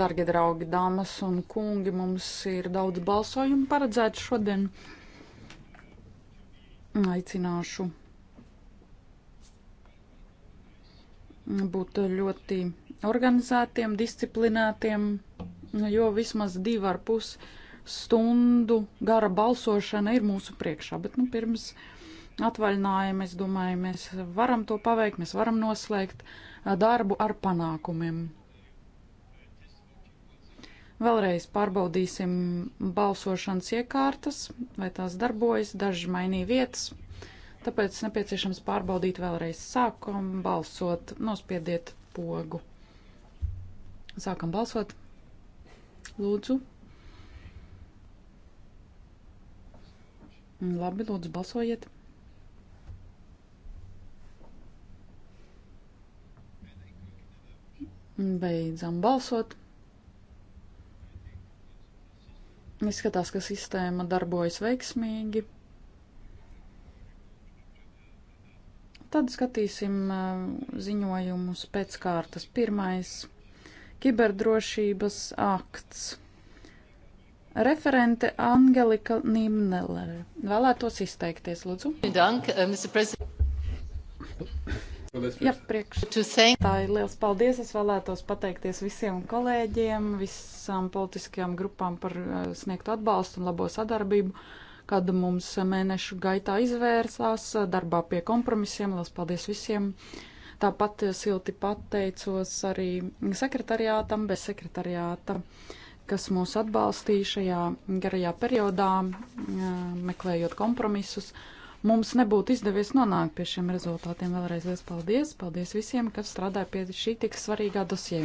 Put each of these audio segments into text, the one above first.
Darbie draugi, dāmas un kungi, mums ir daudz balsojumu paredzēts šodien. Aicināšu būt ļoti organizētiem, disciplinētiem, jo vismaz divu ar pus stundu gara balsošana ir mūsu priekšā. Bet, nu, pirms atvaļinājuma, es domāju, mēs varam to paveikt, mēs varam noslēgt darbu ar panākumiem. Vēlreiz pārbaudīsim balsošanas iekārtas, vai tās darbojas, daži mainīja vietas, tāpēc nepieciešams pārbaudīt vēlreiz. Sākam balsot, nospiediet pogu. Sākam balsot. Lūdzu. Labi, lūdzu, balsojiet. Beidzam balsot. Izskatās, ka sistēma darbojas veiksmīgi. Tad skatīsim ziņojumus pēc kārtas. Pirmais - kiberdrošības akts. Referente Angelika Nimnelere. Vēlētos izteikties, lūdzu. Dank, Mr. President. Paldies, Jā, priekš. Tā ir liels paldies. Es vēlētos pateikties visiem kolēģiem, visām politiskajām grupām par eh, sniegtu atbalstu un labo sadarbību, kāda mums mēnešu gaitā izvērsās darbā pie kompromisiem. Liels paldies visiem! Tāpat silti pateicos arī sekretariātam, bez sekretariāta, kas mūs atbalstīja šajā garajā periodā, eh, meklējot kompromisus. Uh, mums nebūtu izdevies nonākt pie šiem rezultātiem. Vēlreiz liels paldies! Paldies visiem, kas strādāja pie šī tik svarīgā dosjē.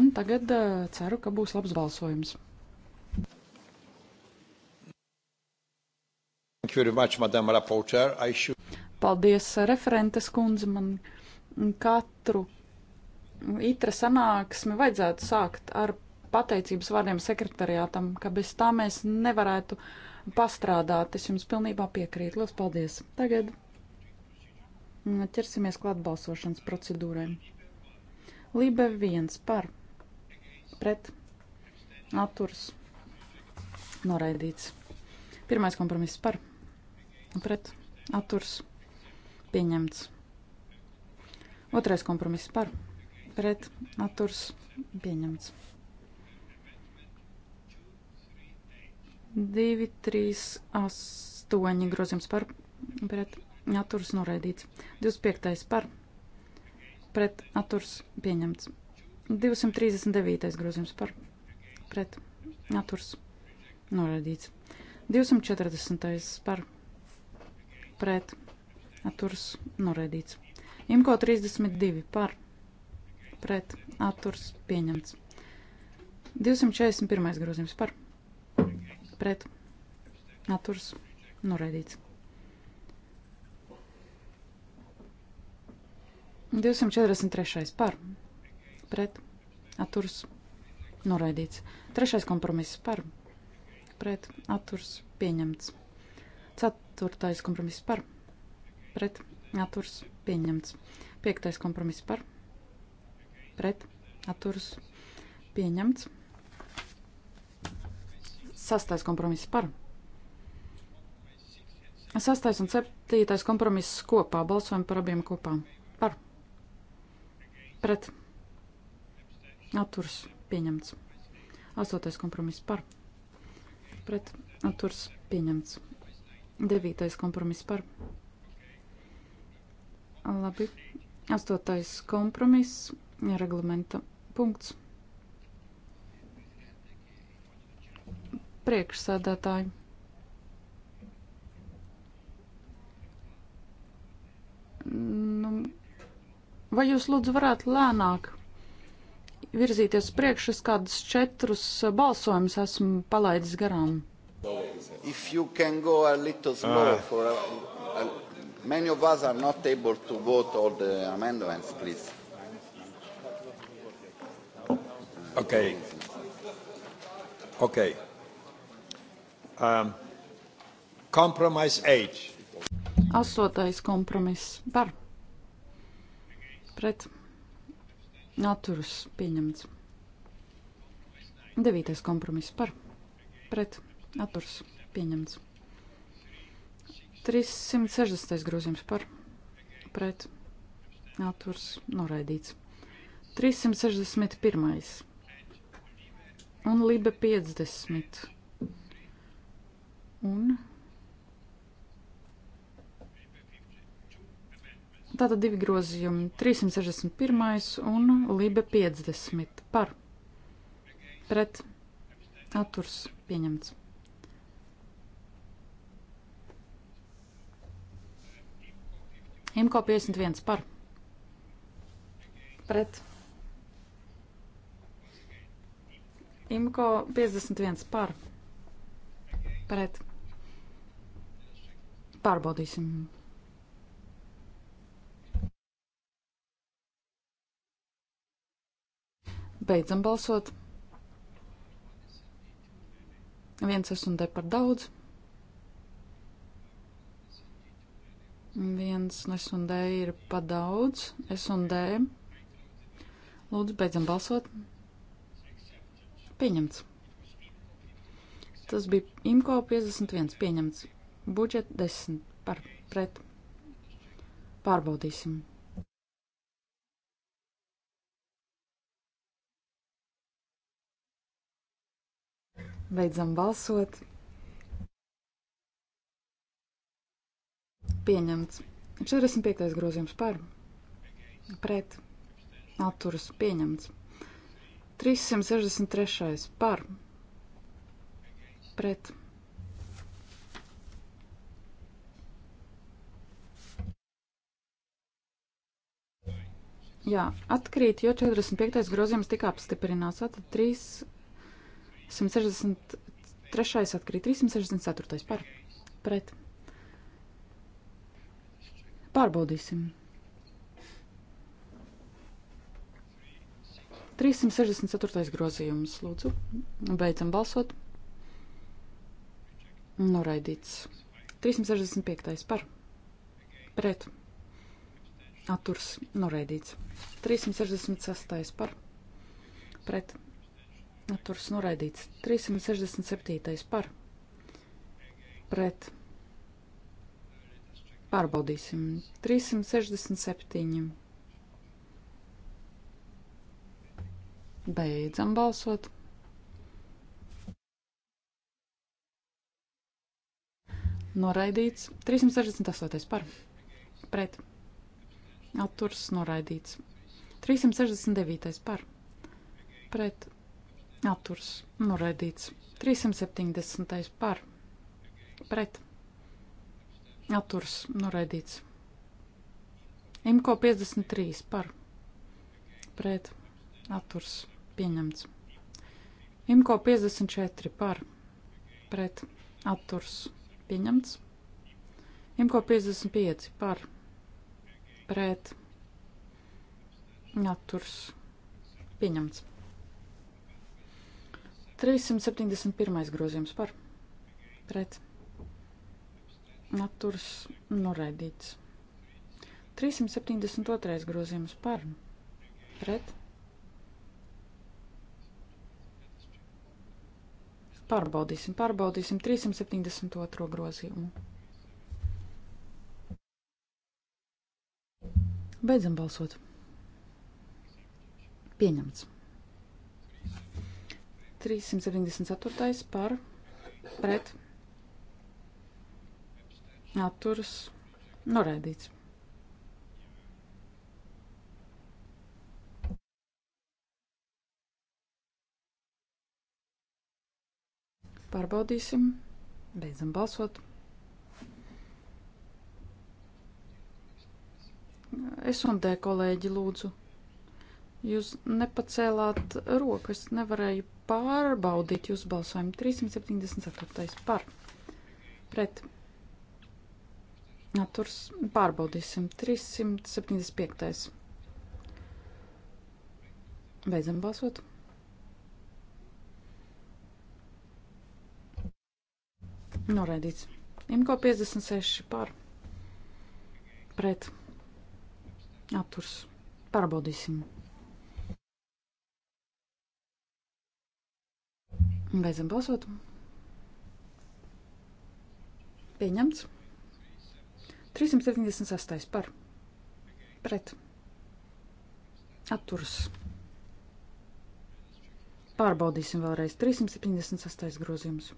Un tagad uh, ceru, ka būs labs balsojums. Much, should... Paldies, uh, referentes kundze. Man katru itra sanāksmi vajadzētu sākt ar pateicības vārdiem sekretariātam, ka bez tā mēs nevarētu uh, pastrādāt. Es jums pilnībā piekrītu. Lielas paldies! Tagad mm, ķersimies klāt balsošanas procedūrai. Lībe viens par pret atturs noraidīts. Pirmais kompromiss par pret atturs pieņemts. Otrais kompromiss par pret atturs pieņemts. 2, 3, 8 grozījums par pret atturs noraidīts. 25. par pret atturs pieņemts. 239. grozījums par pret atturs noraidīts. 240. par pret atturs noraidīts. Imko 32 par pret atturs pieņemts. 241. grozījums par pret atturs noraidīts. 243. par pret atturs noraidīts. Trešais kompromiss par pret atturs pieņemts. Ceturtais kompromiss par pret atturs pieņemts. Piektais kompromiss par pret atturs pieņemts. Sastais kompromiss par. Sastais un septītais kompromiss kopā. Balsojam par abiem kopā. Par. Pret. Atturs. Pieņemts. Astotais kompromiss par. Pret. Atturs. Pieņemts. Devītais kompromiss par. Labi. Astotais kompromiss. Reglamenta punkts. priekšsēdētāji. Nu, vai jūs lūdzu varētu lēnāk virzīties priekš? Es kādus četrus balsojumus esmu palaidis garām. If you can go a little slower ah. for a, a, many of us are not able to vote all the amendments, please. Okay. Okay. Um, kompromiss 8. Astotais kompromiss par pret atturus pieņemts. Devītais kompromiss par pret atturus pieņemts. 360. grozījums par pret atturs noraidīts. 361. un Libe 50 Un tātad divi grozījumi - 361 un Libe 50 par pret atturs pieņemts. Imko 51 par pret. Imko 51 par pret. Pārbaudīsim. Beidzam balsot. Viens es un te par daudz. Viens es un D ir par daudz. Es un D. Lūdzu, beidzam balsot. Pieņemts. Tas bija IMCO 51. Pieņemts. Budžet 10 par pret. Pārbaudīsim. Beidzam balsot. Pieņemts. 45. grozījums par. Pret. Atturas pieņemts. 363. par. Pret. Jā, atkrīt, jo 45. grozījums tika apstiprināts. Tātad 363. atkrīt, 364. par pret. Pārbaudīsim. 364. grozījums, lūdzu. Beidzam balsot. Noraidīts. 365. par pret atturs noraidīts. 366. par pret atturs noraidīts. 367. par pret pārbaudīsim. 367. Beidzam balsot. Noraidīts 368. par pret Atturs noraidīts. 369. par. Pret. Atturs noraidīts. 370. par. Pret. Atturs noraidīts. Imko 53 par. Pret. Atturs pieņemts. Imko 54 par. Pret. Atturs pieņemts. Imko 55 par. Pret pret atturs pieņemts. 371. grozījums par pret atturs noraidīts. 372. grozījums par pret pārbaudīsim, pārbaudīsim 372. grozījumu. Beidzam balsot. Pieņemts. 374. par pret atturas noraidīts. Pārbaudīsim. Beidzam balsot. Es un D kolēģi lūdzu. Jūs nepacēlāt roku, es nevarēju pārbaudīt jūsu balsojumu. 374. par. Pret. Atturs pārbaudīsim. 375. Beidzam balsot. Noraidīts. Imko 56 par. Pret Atturs. Pārbaudīsim. Beidzam balsot. Pieņemts. 378 par. Pret. Atturs. Pārbaudīsim vēlreiz. 378 grozījums.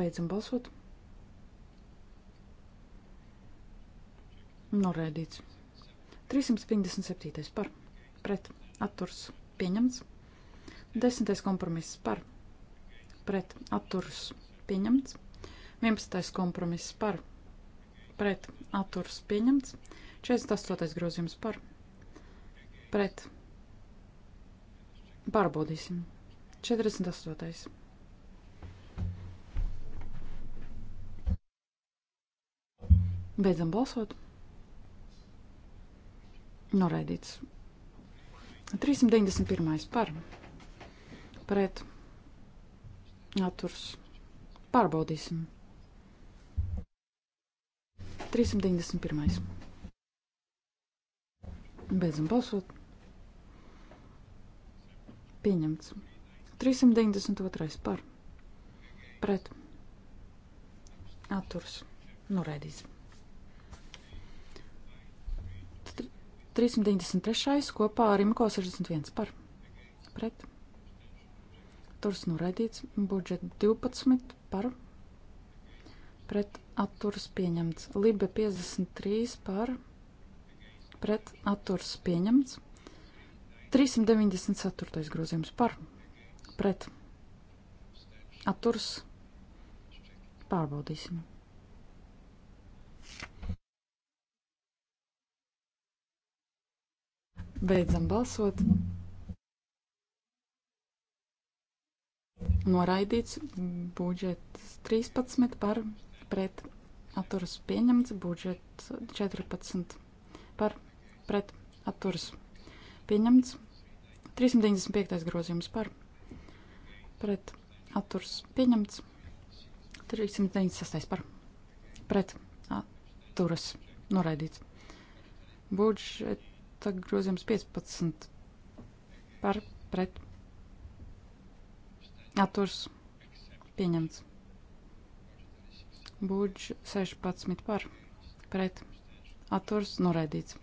Beidzam balsot. Noraidīts. 357. par. Pret. Atturs. Pieņemts. 10. kompromiss par. Pret. Atturs. Pieņemts. 11. kompromiss par. Pret. Atturs. Pieņemts. 48. grozījums par. Pret. Pārbaudīsim. 48. Beidzam balsot. Noraidīts. 391. par pret atturs. Pārbaudīsim. 391. Beidzam balsot. Pieņemts. 392. par pret atturs. Noraidīsim. 393. kopā ar Imko 61 par pret. Turs noraidīts, budžet 12 par pret atturs pieņemts. Libe 53 par pret atturs pieņemts. 394. grozījums par pret atturs pārbaudīsim. Beidzam balsot. Noraidīts budžets 13 par pret atturas pieņemts, budžets 14 par pret atturas pieņemts, 395. grozījums par pret atturas pieņemts, 396. par pret atturas noraidīts. Budžets Tagad grozījums 15 par pret atturs pieņemts. Būdž 16 par pret atturs noraidīts.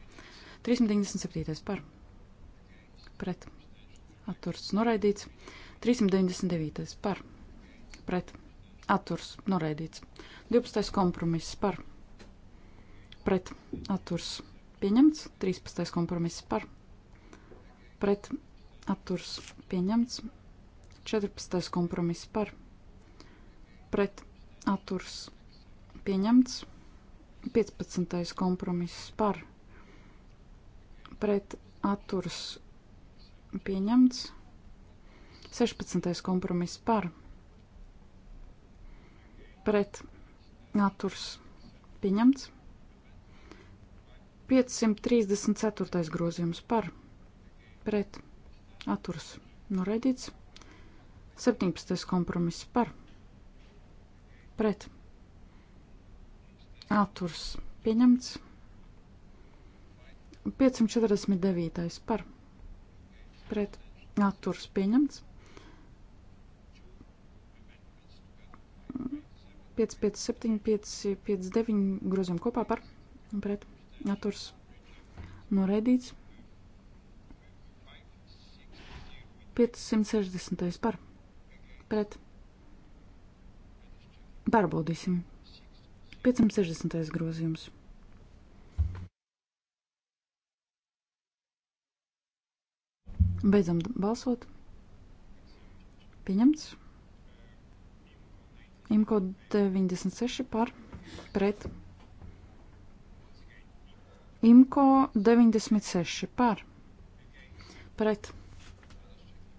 397 par pret atturs noraidīts. 399 par pret atturs noraidīts. 12. kompromiss par pret atturs noraidīts pieņemts, 13. kompromiss par, pret atturs pieņemts, 14. kompromiss par, pret atturs pieņemts, 15. kompromiss par, pret atturs pieņemts, 16. kompromiss par, pret atturs pieņemts, 534. grozījums par pret atturas noraidīts. 17. kompromiss par pret atturas pieņemts. 549. par pret atturas pieņemts. 5, 5, 7, 5, 5, 9 grozījumi kopā par un pret Atturs noraidīts. 560. par. Pret. Pārbaudīsim. 560. grozījums. Beidzam balsot. Pieņemts. Imko 96 par pret. Imko 96 par. Pret.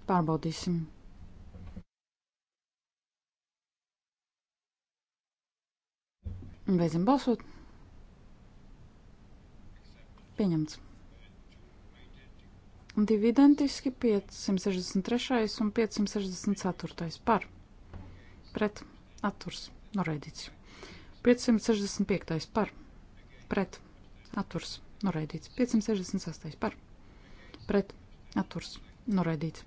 Pārbaudīsim. Beidzam balsot. Pieņemts. Divi identiski 563 un 564 par. Pret. Atturs. Noraidīts. 565 par. Pret atturs, noraidīts. 568. par, pret, atturs, noraidīts.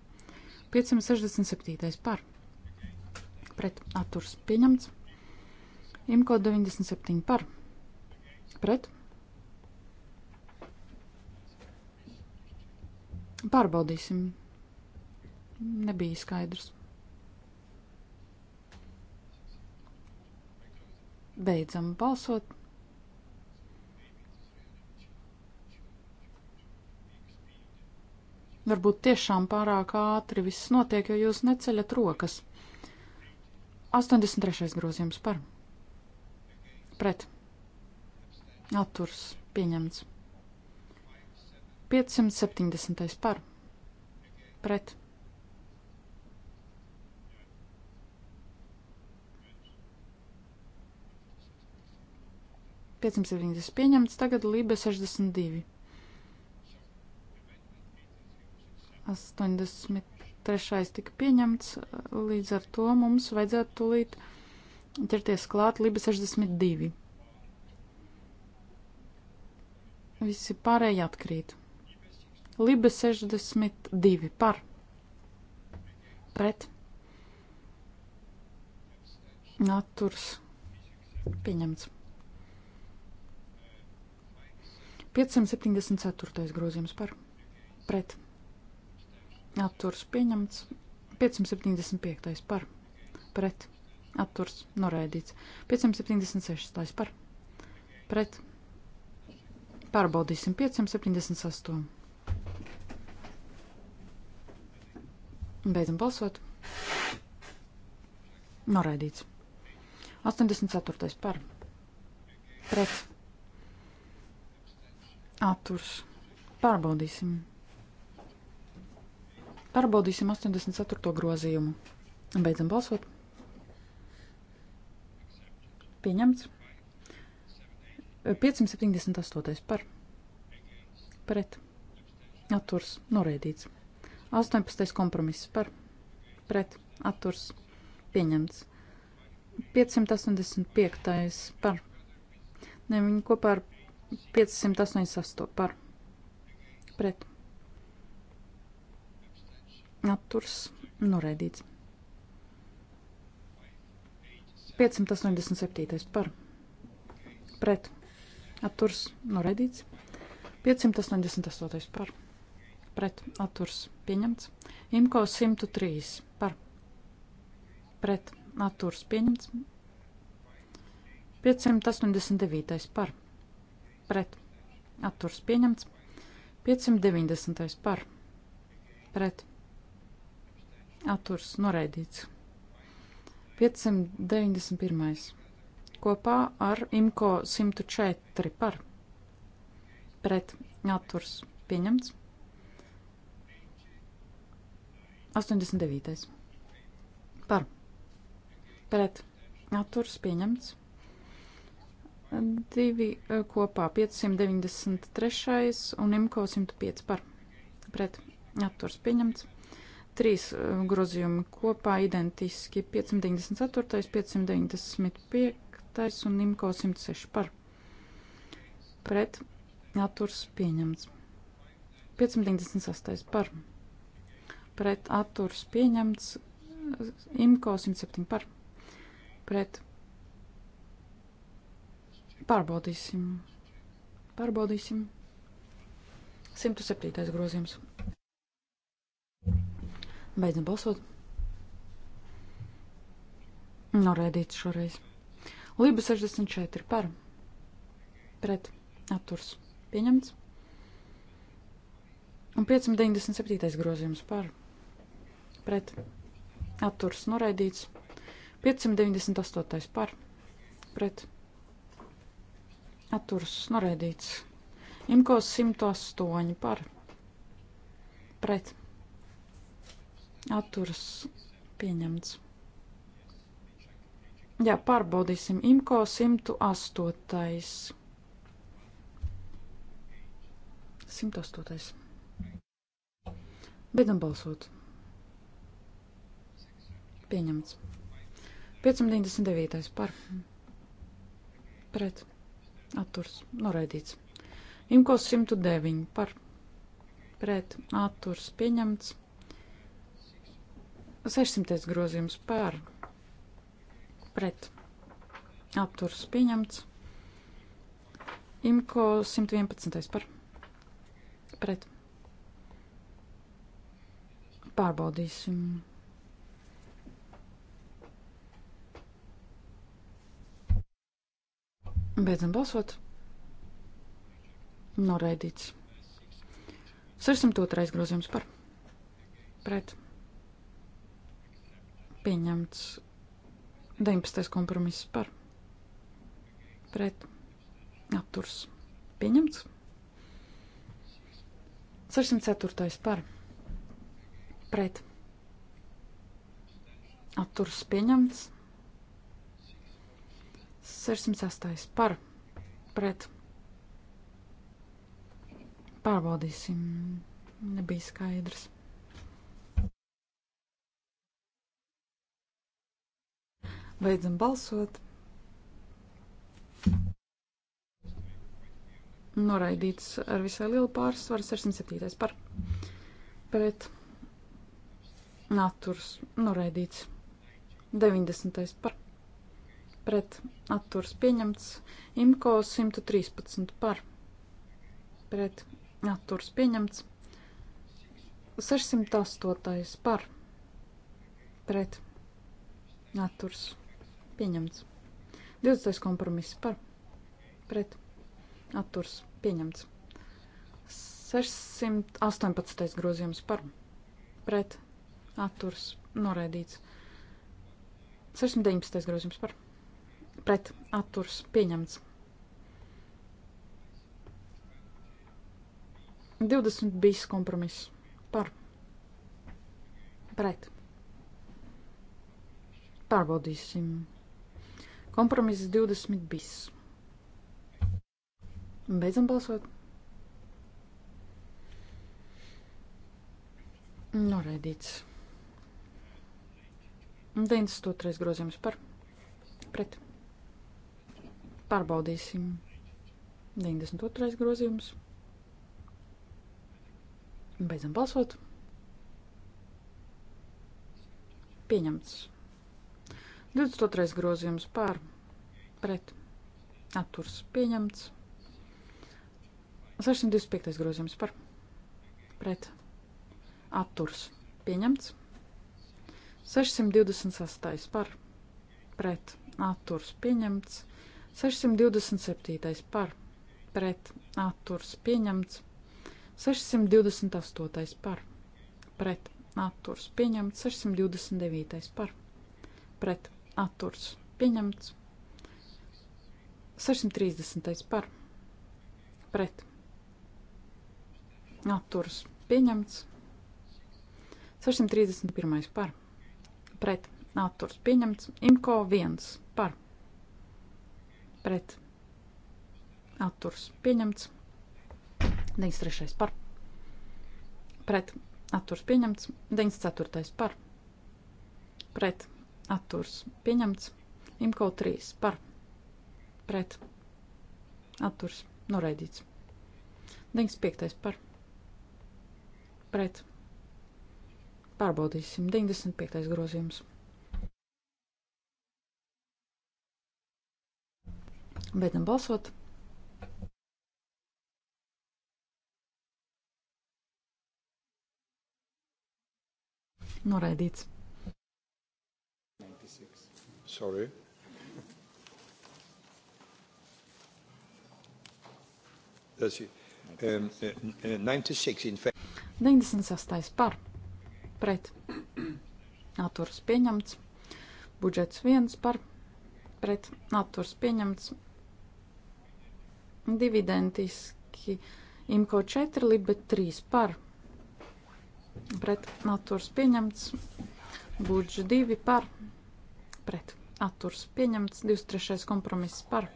567. par, pret, atturs, pieņemts. Imko 97 par, pret. Pārbaudīsim. Nebija skaidrs. Beidzam balsot. Varbūt tiešām pārāk ātri viss notiek, jo jūs neceļat rokas. 83. grozījums par. Pret. Atturs pieņemts. 570. par. Pret. Piecimsirdīgs pieņemts, tagad Lībe 62. 83. tika pieņemts, līdz ar to mums vajadzētu tūlīt ķerties klāt Liba 62. Visi pārējie atkrīt. Liba 62 par pret naturs pieņemts. 574. grozījums par pret Atturs pieņemts. 575. par. Pret. Atturs noraidīts. 576. Tais par. Pret. Pārbaudīsim 578. Beidzam balsot. Noraidīts. 84. par. Pret. Atturs. Pārbaudīsim. Pārbaudīsim 84. grozījumu. Beidzam balsot. Pieņemts. 578. par. Pret. Atturs. Noreidīts. 18. kompromiss par. Pret. Atturs. Pieņemts. 585. par. Ne, viņi kopā ar 588 par. Pret atturs noraidīts. Nu, 587. par pret atturs noraidīts. Nu, 588. par pret atturs pieņemts. Imko 103 par pret atturs pieņemts. 589. par pret atturs pieņemts. 590. par pret Atturs noraidīts. 591. Kopā ar IMCO 104 par. Pret. Atturs pieņemts. 89. Par. Pret. Atturs pieņemts. 2 e, kopā 593 un IMCO 105 par. Pret. Atturs pieņemts. Trīs eh, grozījumi kopā identiski 594, 595 un Nimko 106 par. Pret atturs pieņemts. 598 par. Pret atturs pieņemts. Imko 107 par. Pret pārbaudīsim. Pārbaudīsim. 107. grozījums. Beidzam balsot. Noraidīts šoreiz. Lība 64 par. Pret. Atturs. Pieņemts. Un 597. grozījums par. Pret. Atturs. Noraidīts. 598. par. Pret. Atturs. Noraidīts. Imkos 108 par. Pret Atturas pieņemts. Jā, pārbaudīsim IMCO 108. 108. Beidzam balsot. Pieņemts. 599. par. Pret. Atturs. Noraidīts. Imkos 109. par. Pret. Atturs. Pieņemts. 600. grozījums par pret apturs pieņemts. Imko 111. par pret. Pārbaudīsim. Beidzam balsot. Noraidīts. 602. grozījums par pret Pieņemts 19. kompromiss par pret atturs. Pieņemts 604. par pret atturs. Pieņemts 606. par pret pārbaudīsim. Nebija skaidrs. Beidzam balsot. Noraidīts ar visai lielu pārsvaru 607. par pret atturs. Noraidīts 90. par pret atturs pieņemts. Imko 113 par pret atturs pieņemts. 608. par pret atturs pieņemts. Naturs pieņemts. 20. kompromiss par pret atturs pieņemts. 618. grozījums par pret atturs noraidīts. 619. grozījums par pret atturs pieņemts. 20 bijis kompromiss par pret. Pārbaudīsim. Kompromiss 20 bis. Beidzam balsot. Noraidīts. 92. grozījums par pret. Pārbaudīsim. 92. grozījums. Beidzam balsot. Pieņemts. 22. grozījums pār pret atturs pieņemts. 625. grozījums par pret atturs pieņemts. 626. par pret atturs pieņemts. 627. par pret atturs pieņemts. 628. par pret atturs pieņemts. 629. par pret atturs pieņemts. 630. par pret atturs pieņemts. 631. par pret atturs pieņemts. Imko 1 par pret atturs pieņemts. 93. par pret atturs pieņemts. 94. par pret atturs pieņemts atturs pieņemts. Imko 3 par pret atturs noraidīts. 95. par pret pārbaudīsim 95. grozījums. Beidzam balsot. Noraidīts sorry. Tas ir um, 96. Uh, 96. Uh, par pret atturs pieņemts. Budžets 1 par pret atturs pieņemts. Dividentiski imko 4, libe 3 par pret atturs pieņemts. Budžets 2 par pret atturs pieņemts, 23. kompromiss par,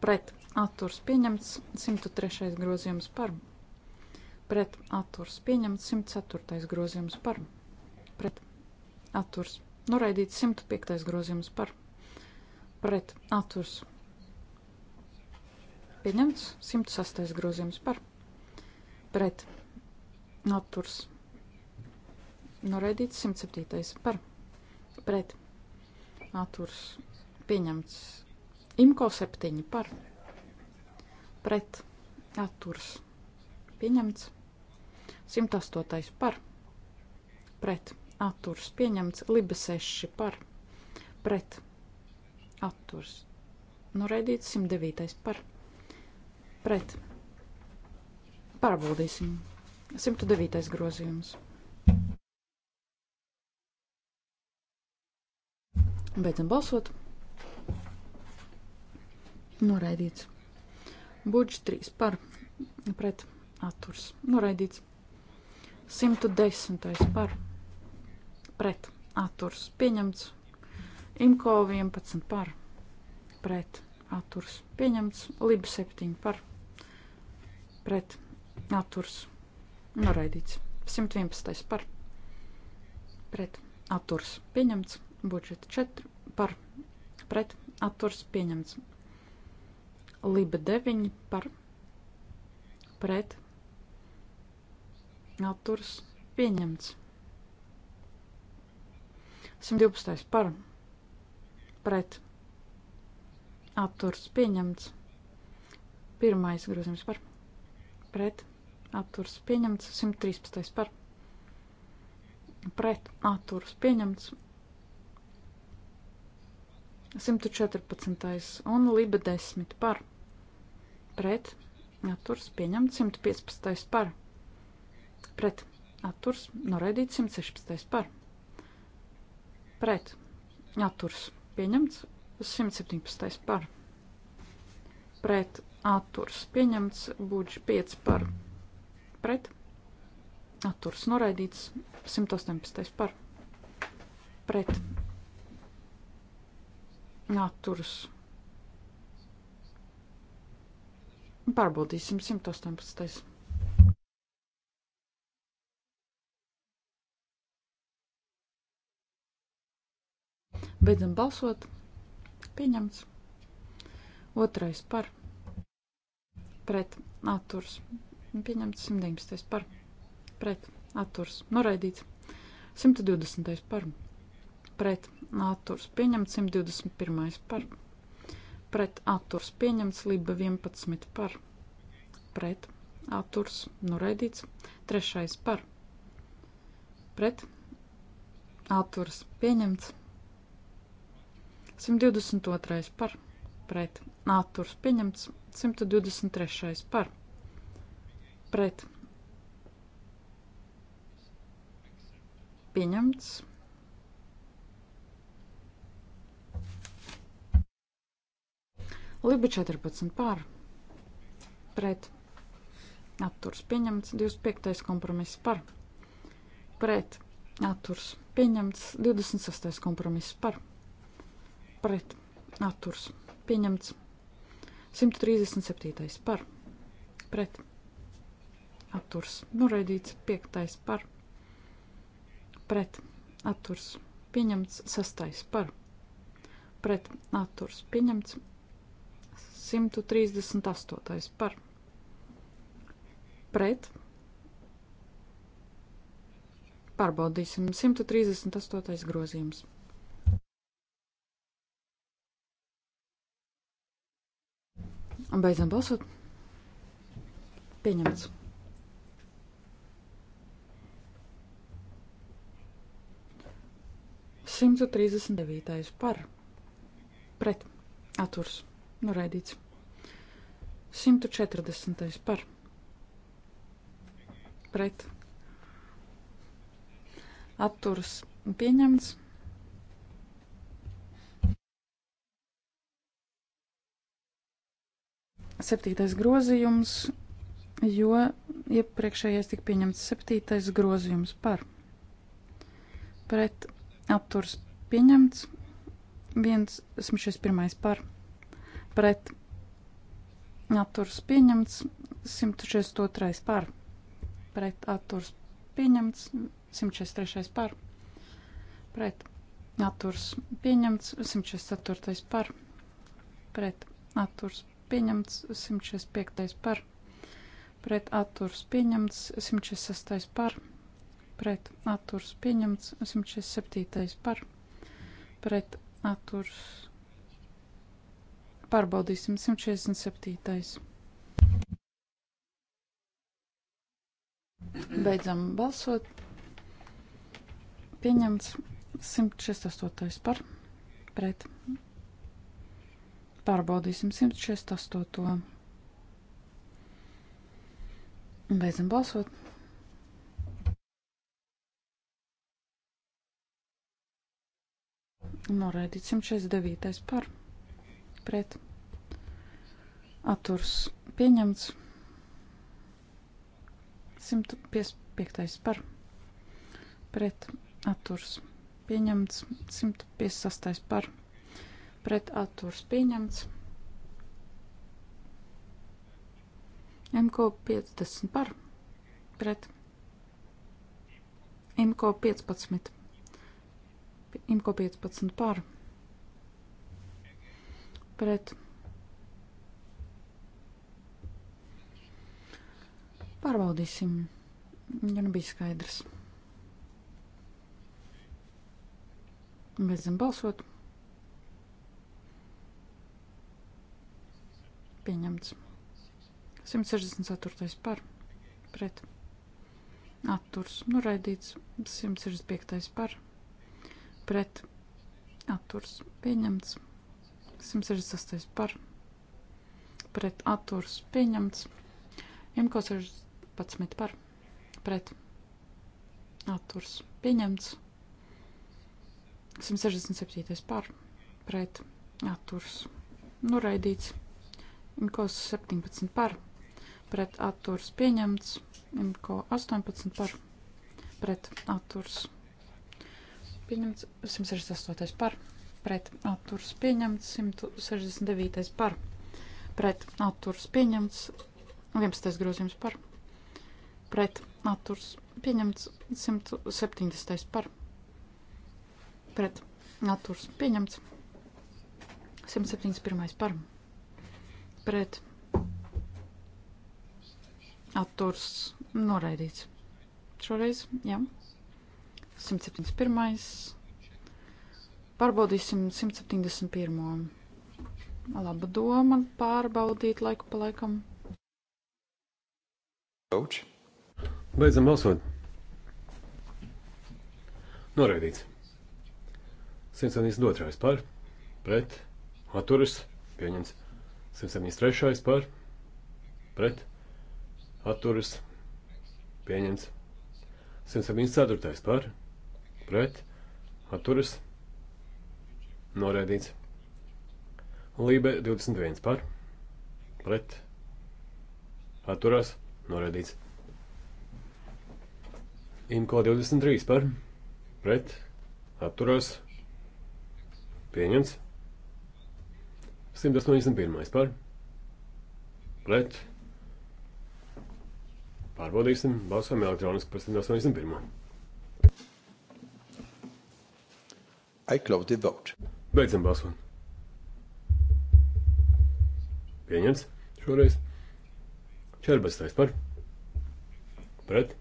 pret atturs pieņemts, 103. grozījums par, pret atturs pieņemts, 104. grozījums par, pret atturs noraidīts, 105. grozījums par, pret atturs pieņemts, 106. grozījums par, pret atturs noraidīts, 107. par, pret atturs Atturs pieņemts. Imko 7 par. Pret. Atturs pieņemts. 108 par. Pret. Atturs pieņemts. Liba 6 par. Pret. Atturs. Noraidīts 109 par. Pret. Pārbaudīsim. 109. grozījums. Beidzam balsot. Noraidīts. Budžs 3 par pret atturs. Noraidīts. 110. par pret atturs. Pieņemts. Imko 11 par pret atturs. Pieņemts. Liba 7 par pret atturs. Noraidīts. 111. par pret atturs. Pieņemts. Budžeta 4 par pret atturs pieņemts. Liba 9 par pret atturs pieņemts. 112 par pret atturs pieņemts. Pirmais grozījums par pret atturs pieņemts. 113 par pret atturs pieņemts. 114. un liba 10 par. Pret atturs pieņemts 115. par. Pret atturs noraidīts 116. par. Pret atturs pieņemts 117. par. Pret atturs pieņemts būdž 5 par. Pret atturs noraidīts 118. par. Pret atturas. Pārbaudīsim 118. Beidzam balsot. Pieņemts. Otrais par. Pret. Atturs. Pieņemts 119. par. Pret. Atturs. Noraidīts. 120. par. Pret atturs pieņemts 121 par, pret atturs pieņemts liba 11 par, pret atturs noraidīts 3 par, pret atturs pieņemts 122 par, pret atturs pieņemts 123 par, pret pieņemts 123. Liba 14 pār. Pret. Atturs pieņemts. 25. kompromiss par. Pret. Atturs pieņemts. 26. kompromiss par. Pret. Atturs pieņemts. 137. par. Pret. Atturs noraidīts. 5. par. Pret. Atturs pieņemts. 6. par. Pret. Atturs pieņemts. 138. par pret. Pārbaudīsim 138. grozījums. Un beidzam balsot. Pieņemts. Simtu trīsdesmit devītais par pret atturs. Noraidīts. 140. par. Pret. Atturas pieņemts. Septītais grozījums, jo iepriekšējais tika pieņemts septītais grozījums par. Pret apturs pieņemts 161 par pret atturs pieņemts 162 par, pret atturs pieņemts 163 par, pret atturs pieņemts 164 par, pret atturs pieņemts 165 par, pret atturs pieņemts 166 par, pret atturs pieņemts 167 par, pret atturs pieņemts Pārbaudīsim 147. Beidzam balsot. Pieņemts 168. par pret. Pārbaudīsim 168. Beidzam balsot. Noraidīt 149. par pret pret atturs pieņemts 155. par pret atturs pieņemts 156. par pret atturs pieņemts MK 50 par pret MK 15 MK 15 par pret. Pārbaudīsim, ja nu bija skaidrs. Beidzam balsot. Pieņemts. 164. par pret. Atturs. Noraidīts. 165. par pret. Atturs. Pieņemts. 168 par pret atturs pieņemts. Imko 16 par pret atturs pieņemts. 167 par pret atturs noraidīts. Imko 17 par pret atturs pieņemts. Imko 18 par pret atturs pieņemts. 168 par pret atturs pieņemts pret atturs pieņemts 169. par pret atturs pieņemts 11. grozījums par pret atturs pieņemts 170. par pret atturs pieņemts 171. par pret atturs noraidīts. Šoreiz, jā. 171. Pārbaudīsim 171. Laba doma pārbaudīt laiku pa laikam. Coach. Beidzam balsot. Noraidīts. 172. par, pret, atturas, pieņems. 173. par, pret, atturas, pieņems. 174. par, pret, atturas, pieņems. Noraidīts. Lībe 21 par. Pret. Atturās. Noraidīts. Imko 23 par. Pret. Atturās. Pieņemts. 181 par. Pret. Pārbaudīsim. Balsojam elektroniski par 181. I close the vote. Beidzam balsot. Pieņemts šoreiz. 14. par. Pret.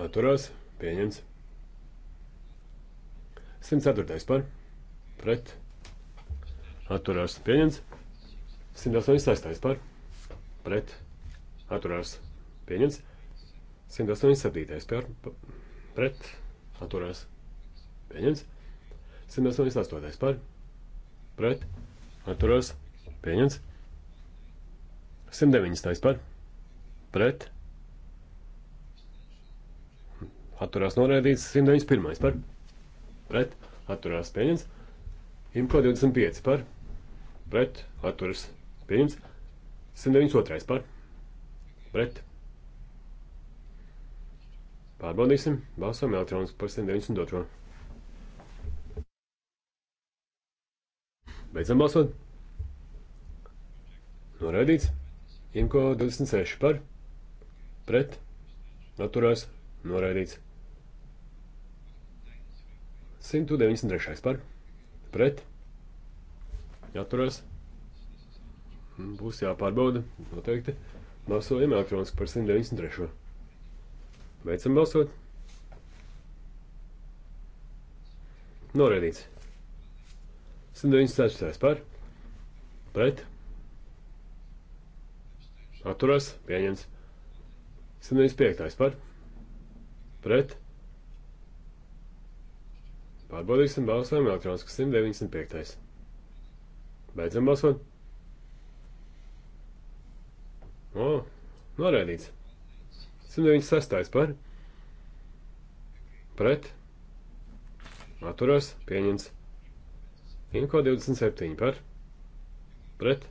Atturās. Pieņemts. 104. par. Pret. Atturās. Pieņemts. 186. par. Pret. Atturās. Pieņemts. 187. par. Pret. Atturās. Pieņemts. 188. par, pret, atturos, pieņemts. 109. par, pret, atturās noraidīts. 191. par, pret, atturās pieņemts. Imko 25 par, pret, atturas pieņemts. 192. par, pret. Pārbaudīsim, balsojam elektroniski par 192. Beidzam balsot. Noraidīts. Imko 26 par. Pret. Atturās. Noraidīts. 193 par. Pret. Atturās. Būs jāpārbauda. Noteikti. Balsojam elektroniski par 193. Beidzam balsot. Noraidīts. 194. par pret atturās pieņemts. 195. par pret pārbaudīsim balsojumu elektronisku 195. Beidzam balsot. O, norēdīts. 196. par pret atturās pieņemts. Inko 27 par. Pret.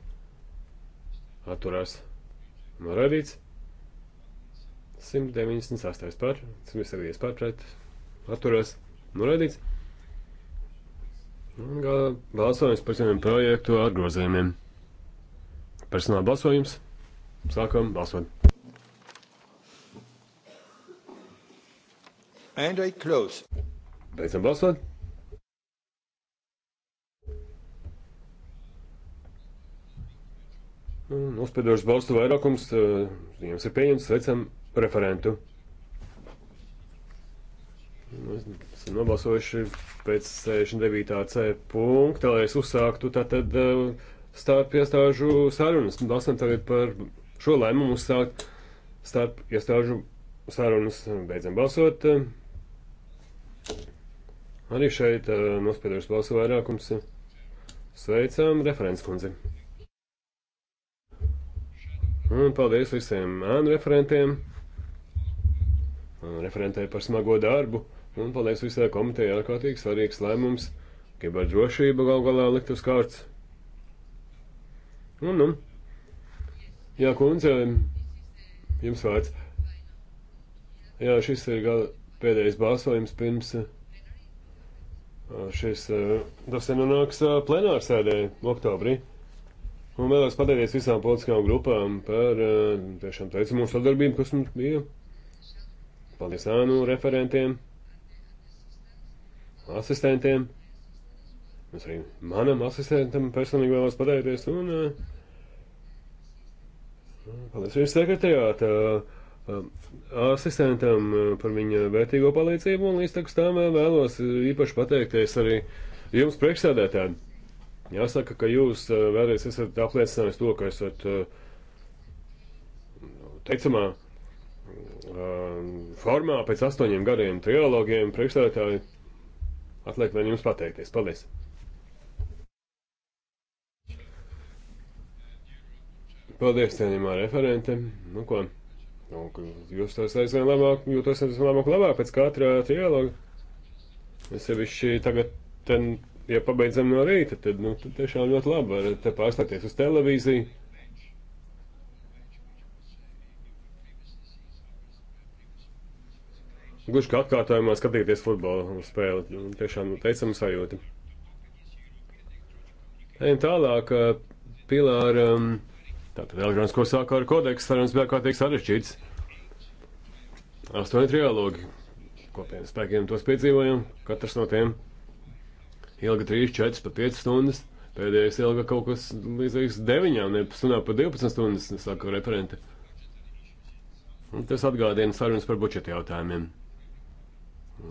Atturās. Norādīts. 198 par. 170 par pret. Atturās. Norādīts. Un gā balsojums par saviem projektu atgrozējumiem. Personāla balsojums. Sākam balsot. And I close. Beidzam balsot. Nospiedošs balstu vairākums, viņiem eh, ir pieņemts, sveicam referentu. Mēs esam nobalsojuši pēc 69.c punkta, lai es uzsāktu tātad eh, starp iestāžu sarunas. Balsam tagad par šo lēmumu uzsākt starp iestāžu sarunas. Beidzam balsot. Arī šeit eh, nospiedošs balsu vairākums. Sveicam referents kundzi. Un paldies visiem ēnu referentiem, referentē par smago darbu, un paldies visai komitejai ārkārtīgi svarīgs lēmums, kiberdrošība gal galā likt uz kārts. Un, nu, jā, kundze, jums vārds. Jā, šis ir gala pēdējais balsojums pirms šis dosenonāks plenārsēdē oktobrī. Un vēlos pateikties visām politiskajām grupām par eh, tiešām teicamo sadarbību, kas mums bija. Paldies ānu referentiem, asistentiem. Mums arī manam asistentam personīgi vēlos pateikties. Un eh, paldies arī sekretariāta eh, asistentam par viņa vērtīgo palīdzību. Un līdz tam vēlos īpaši pateikties arī jums priekšsēdētājiem. Jāsaka, ka jūs eh, vēlreiz esat apliecinājis to, ka esat eh, nu, teicamā eh, formā pēc astoņiem gadiem trijologiem priekšstādātāji. Atliek vien jums pateikties. Paldies! Paldies, cienījumā referente. Nu, ko? Nu, jūs to esat aizvien labāk, jūs to esat aizvien labāk, labāk pēc katrā trijologa. Es sevišķi tagad ten ja pabeidzam no rīta, tad, nu, tad tiešām ļoti labi var te pārstāties uz televīziju. Gluži kā atkārtojumā skatīties futbola spēli, nu, tiešām nu, teicam sajūta. Ejam tālāk, Pilāra, tātad elektronisko sākāru kodeks, sarunas bija kārtīgi sarežģīts. Astoņi trialogi, kopienas spēkiem tos piedzīvojam, katrs no tiem ilga 3, 4, pat 5 stundas. Pēdējais ilga kaut kas līdzīgs 9, ne stundā pat 12 stundas, saka referente. Un tas atgādina sarunas par budžeta jautājumiem.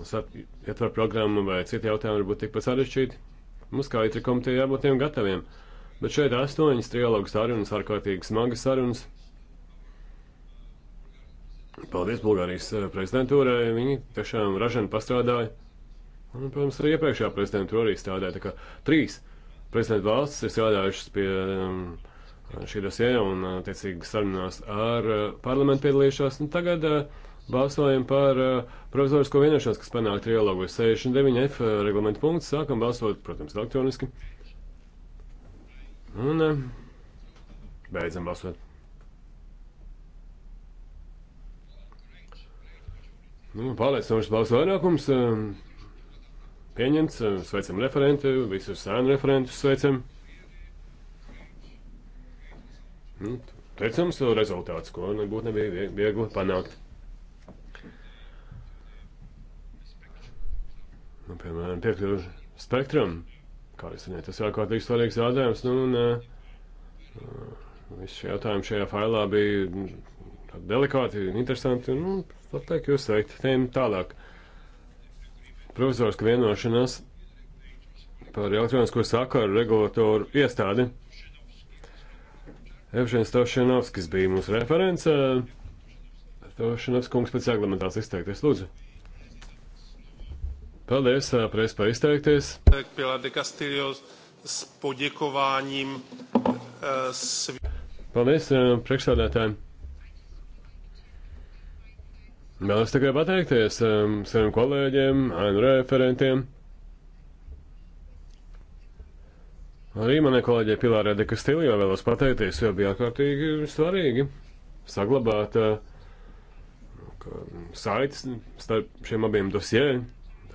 Ietver programmu vai citi jautājumi varbūt tikpat sarežģīti. Mums kā itri komiteja jābūt tiem gataviem. Bet šeit astoņas trialogu sarunas, ārkārtīgi smagas sarunas. Paldies Bulgārijas eh, prezidentūrai, viņi tiešām ražani pastrādāja. Un, protams, arī iepriekšējā prezidenta tur arī strādāja. Tā kā trīs prezidenta valstis ir strādājušas pie um, šī dosē un, uh, attiecīgi, sarunās ar uh, parlamentu piedalījušās. Un tagad uh, balsojam par uh, provizorisko vienošanos, kas panāk trialogu 69F uh, reglamentu punktu. Sākam balsot, protams, elektroniski. Un uh, beidzam balsot. Nu, Pārliecinošs balsu vairākums. Uh, Pieņemts, sveicam referenti, visus sēnu referentus sveicam. Nu, teicams, rezultāts, ko nebūtu nebija viegli panākt. Nu, piemēram, piekļuvi spektram, kā es zinu, tas ir ārkārtīgi svarīgs jautājums. Nu, un, uh, viss šie jautājumi šajā failā bija mm, delikāti, interesanti. Nu, labāk jūs teikt, tēm tālāk provizoriska vienošanās par elektronisko sakaru regulatoru iestādi. Evžēns Tošanovskis bija mūsu referents. Tošanovskis kungs pēc reglamentās izteikties, lūdzu. Paldies, prēs par izteikties. Eh, Paldies eh, priekšstādātājiem. Mēs tikai pateikties um, saviem kolēģiem, ainu referentiem. Arī manai kolēģei Pilārē de Kastiljo vēlos pateikties, jo bija ārkārtīgi svarīgi saglabāt uh, saites starp šiem abiem dosieriem.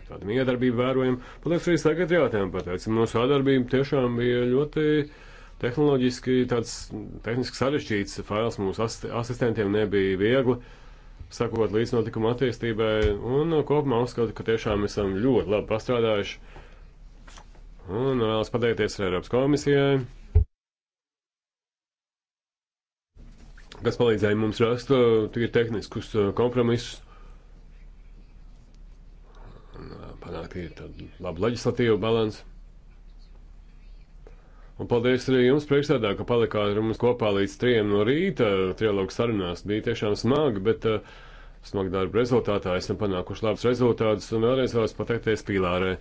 Tāda miedarbība vērojama. Paldies arī sekretariātiem, pateicam, mūsu sadarbība tiešām bija ļoti tehnoloģiski, tāds tehniski sarežģīts fails mūsu asistentiem nebija viegli. Uh, sakot līdz notikuma attīstībai, un uh, kopumā uzskatu, ka tiešām esam ļoti labi pastrādājuši. Un uh, vēlas pateikties ar Eiropas komisijai, kas palīdzēja mums rast uh, tīri tehniskus kompromisus, panākt īri tādu labu leģislatīvu balansu. Un paldies arī jums, priekšstādā, ka palikāt ar mums kopā līdz trijiem no rīta. Trialogu sarunās bija tiešām smagi, bet uh, eh, smaga darba rezultātā esam panākuši labus rezultātus. Un vēlreiz vēlos pateikties Pīlārē.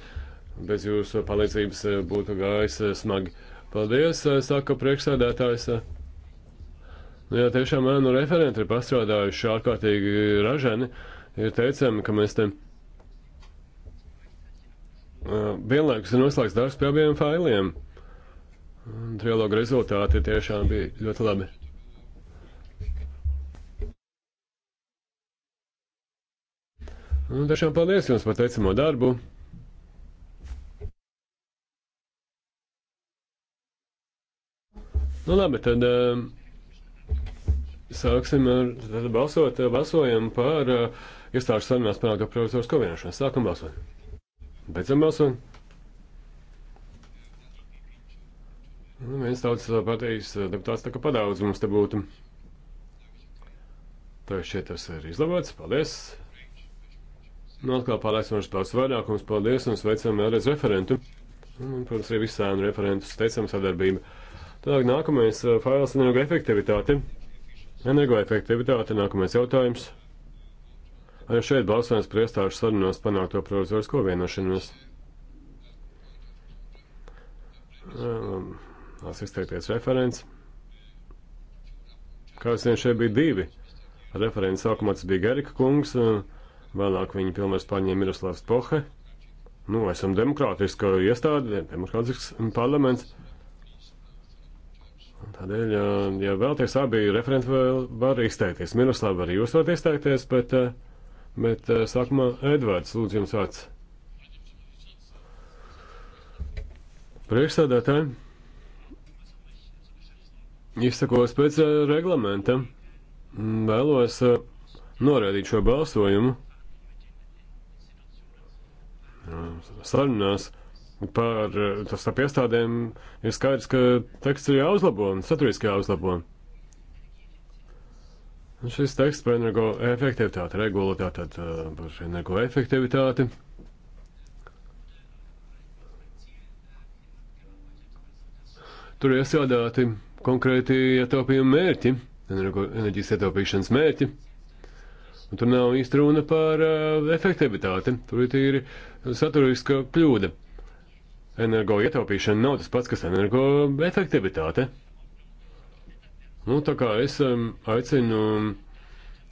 Bez jūsu palīdzības eh, būtu gājis eh, smagi. Paldies, saka priekšsēdētājs. Nu, jā, tiešām ēnu referenti ir pastrādājuši ārkārtīgi ražani. Ir teicami, ka mēs te uh, vienlaikus ir noslēgts darbs pie abiem failiem. Un trialoga rezultāti tiešām bija ļoti labi. Un tiešām paldies jums par teicamo darbu. Nu, labi, tad uh, sāksim ar tad balsot, eh, balsojam par uh, iestāžu sarunās panāktu provizoras kovienošanos. Sākam balsot. Beidzam balsot. Nu, viens tautas partijas eh, deputāts tā kā padaudz mums te būtu. Tā šeit tas ir izlabots. Paldies! Nu, atkal pārliecinoši tās vairākums. Paldies un sveicam vēlreiz referentu. Nu, un, protams, arī visām referentus teicam sadarbību. Tālāk nākamais eh, fails energo efektivitāte. Energo efektivitāte nākamais jautājums. Arī šeit balsojums par iestāžu sarunās panākto provizorisko vienošanos. Um, vēlas izteikties referents. Kā es zinu, šeit bija divi. Referents sākumā tas bija Gerika kungs, vēlāk viņa pilnvērs paņēma Miroslavs Pohe. Nu, esam demokrātiska iestāde, demokrātisks parlaments. Tādēļ, ja, ja vēlaties, abi referenti vēl var izteikties. Miroslava, arī jūs varat izteikties, bet, bet sākumā Edvards, lūdzu, jums vārds. Priekšsēdētāji izsakos pēc eh, reglamenta. Vēlos eh, norādīt šo balsojumu eh, sarunās par tas starp iestādēm ir skaidrs, ka teksts ir jāuzlabo un saturiski jāuzlabo. Un šis teksts par energoefektivitāti, regula tātad par energoefektivitāti. Tur iesādāti konkrēti ietaupījuma mērķi, enerģijas ietaupīšanas mērķi. Un tur nav īsti runa par uh, efektivitāti, tur ir tīri saturiska kļūda. Energo ietaupīšana nav tas pats, kas energo efektivitāte. Nu, tā kā es um, aicinu um,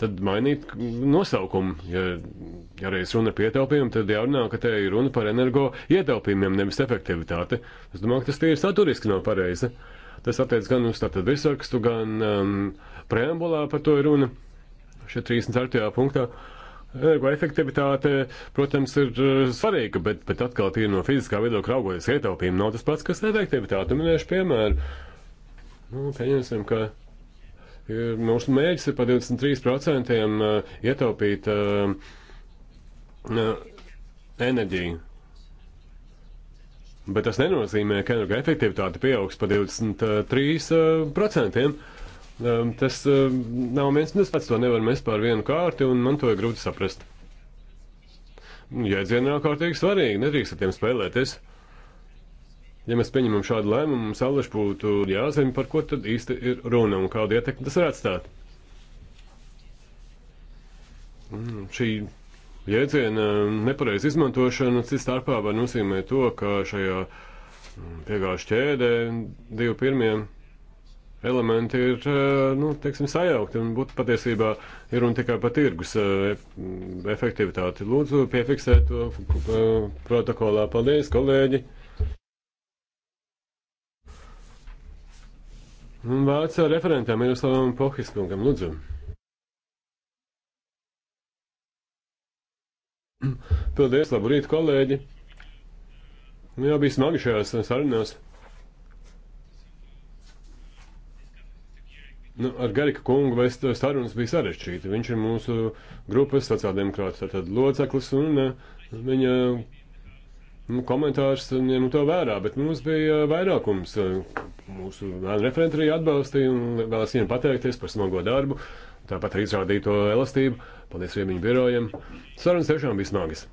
tad mainīt nosaukumu. Ja, ja reiz runa par ietaupījumiem, tad jārunā, ka te ir runa par energo ietaupījumiem, nevis efektivitāti. Es domāju, ka tas tie ir saturiski nav pareizi. Uh, Tas attiec gan uz tātad virsrakstu, gan um, preambulā par to ir runa. Šie 34. punktā. Energoefektivitāte, protams, ir uh, svarīga, bet, bet atkal tīri no fiziskā viedokļa raugoties ietaupījumi nav tas pats, kas efektivitāte. Minēšu piemēru. Nu, pieņemsim, ka ir, mūsu mērķis ir par 23% uh, ietaupīt uh, uh, enerģiju. Bet tas nenozīmē, ka energoefektivitāte pieaugs par 23%. Eh, ehm, tas ehm, nav viens un tas pats. To nevar mest pār vienu kārti, un man to ir grūti saprast. Jēdzieni ir ārkārtīgi svarīgi. Nedrīkst ar tiem spēlēties. Ja mēs pieņemam šādu lēmumu, mums allaž būtu jāzina, par ko tad īsti ir runa un kādu ietekmi tas var atstāt. Mm, šī jēdziena um, nepareiz izmantošana cits starpā var nozīmēt to, ka šajā um, piegāžu ķēdē divi pirmie elementi ir, uh, nu, teiksim, sajaukti un būtu patiesībā ir un tikai par tirgus uh, mm, efektivitāti. Lūdzu, piefiksēt to uh, protokolā. Paldies, kolēģi! Un vārds referentam Miroslavam Pohiskungam, lūdzu. Paldies, labu rītu, kolēģi! Nu, jā, bija smagi šajās sarunās. Nu, ar Garika kungu mēs sarunas bija sarežģīti. Viņš ir mūsu grupas sociāldemokrāts, tātad loceklis, un uh, viņa nu, komentārs ņem to vērā, bet mums bija vairākums. Uh, mūsu referenti arī atbalstīja un vēlas viņiem pateikties par smago darbu. Uh, tāpat arī izrādīto elastību. Paldies Riebiņu birojiem. Sarunas tiešām visnagas.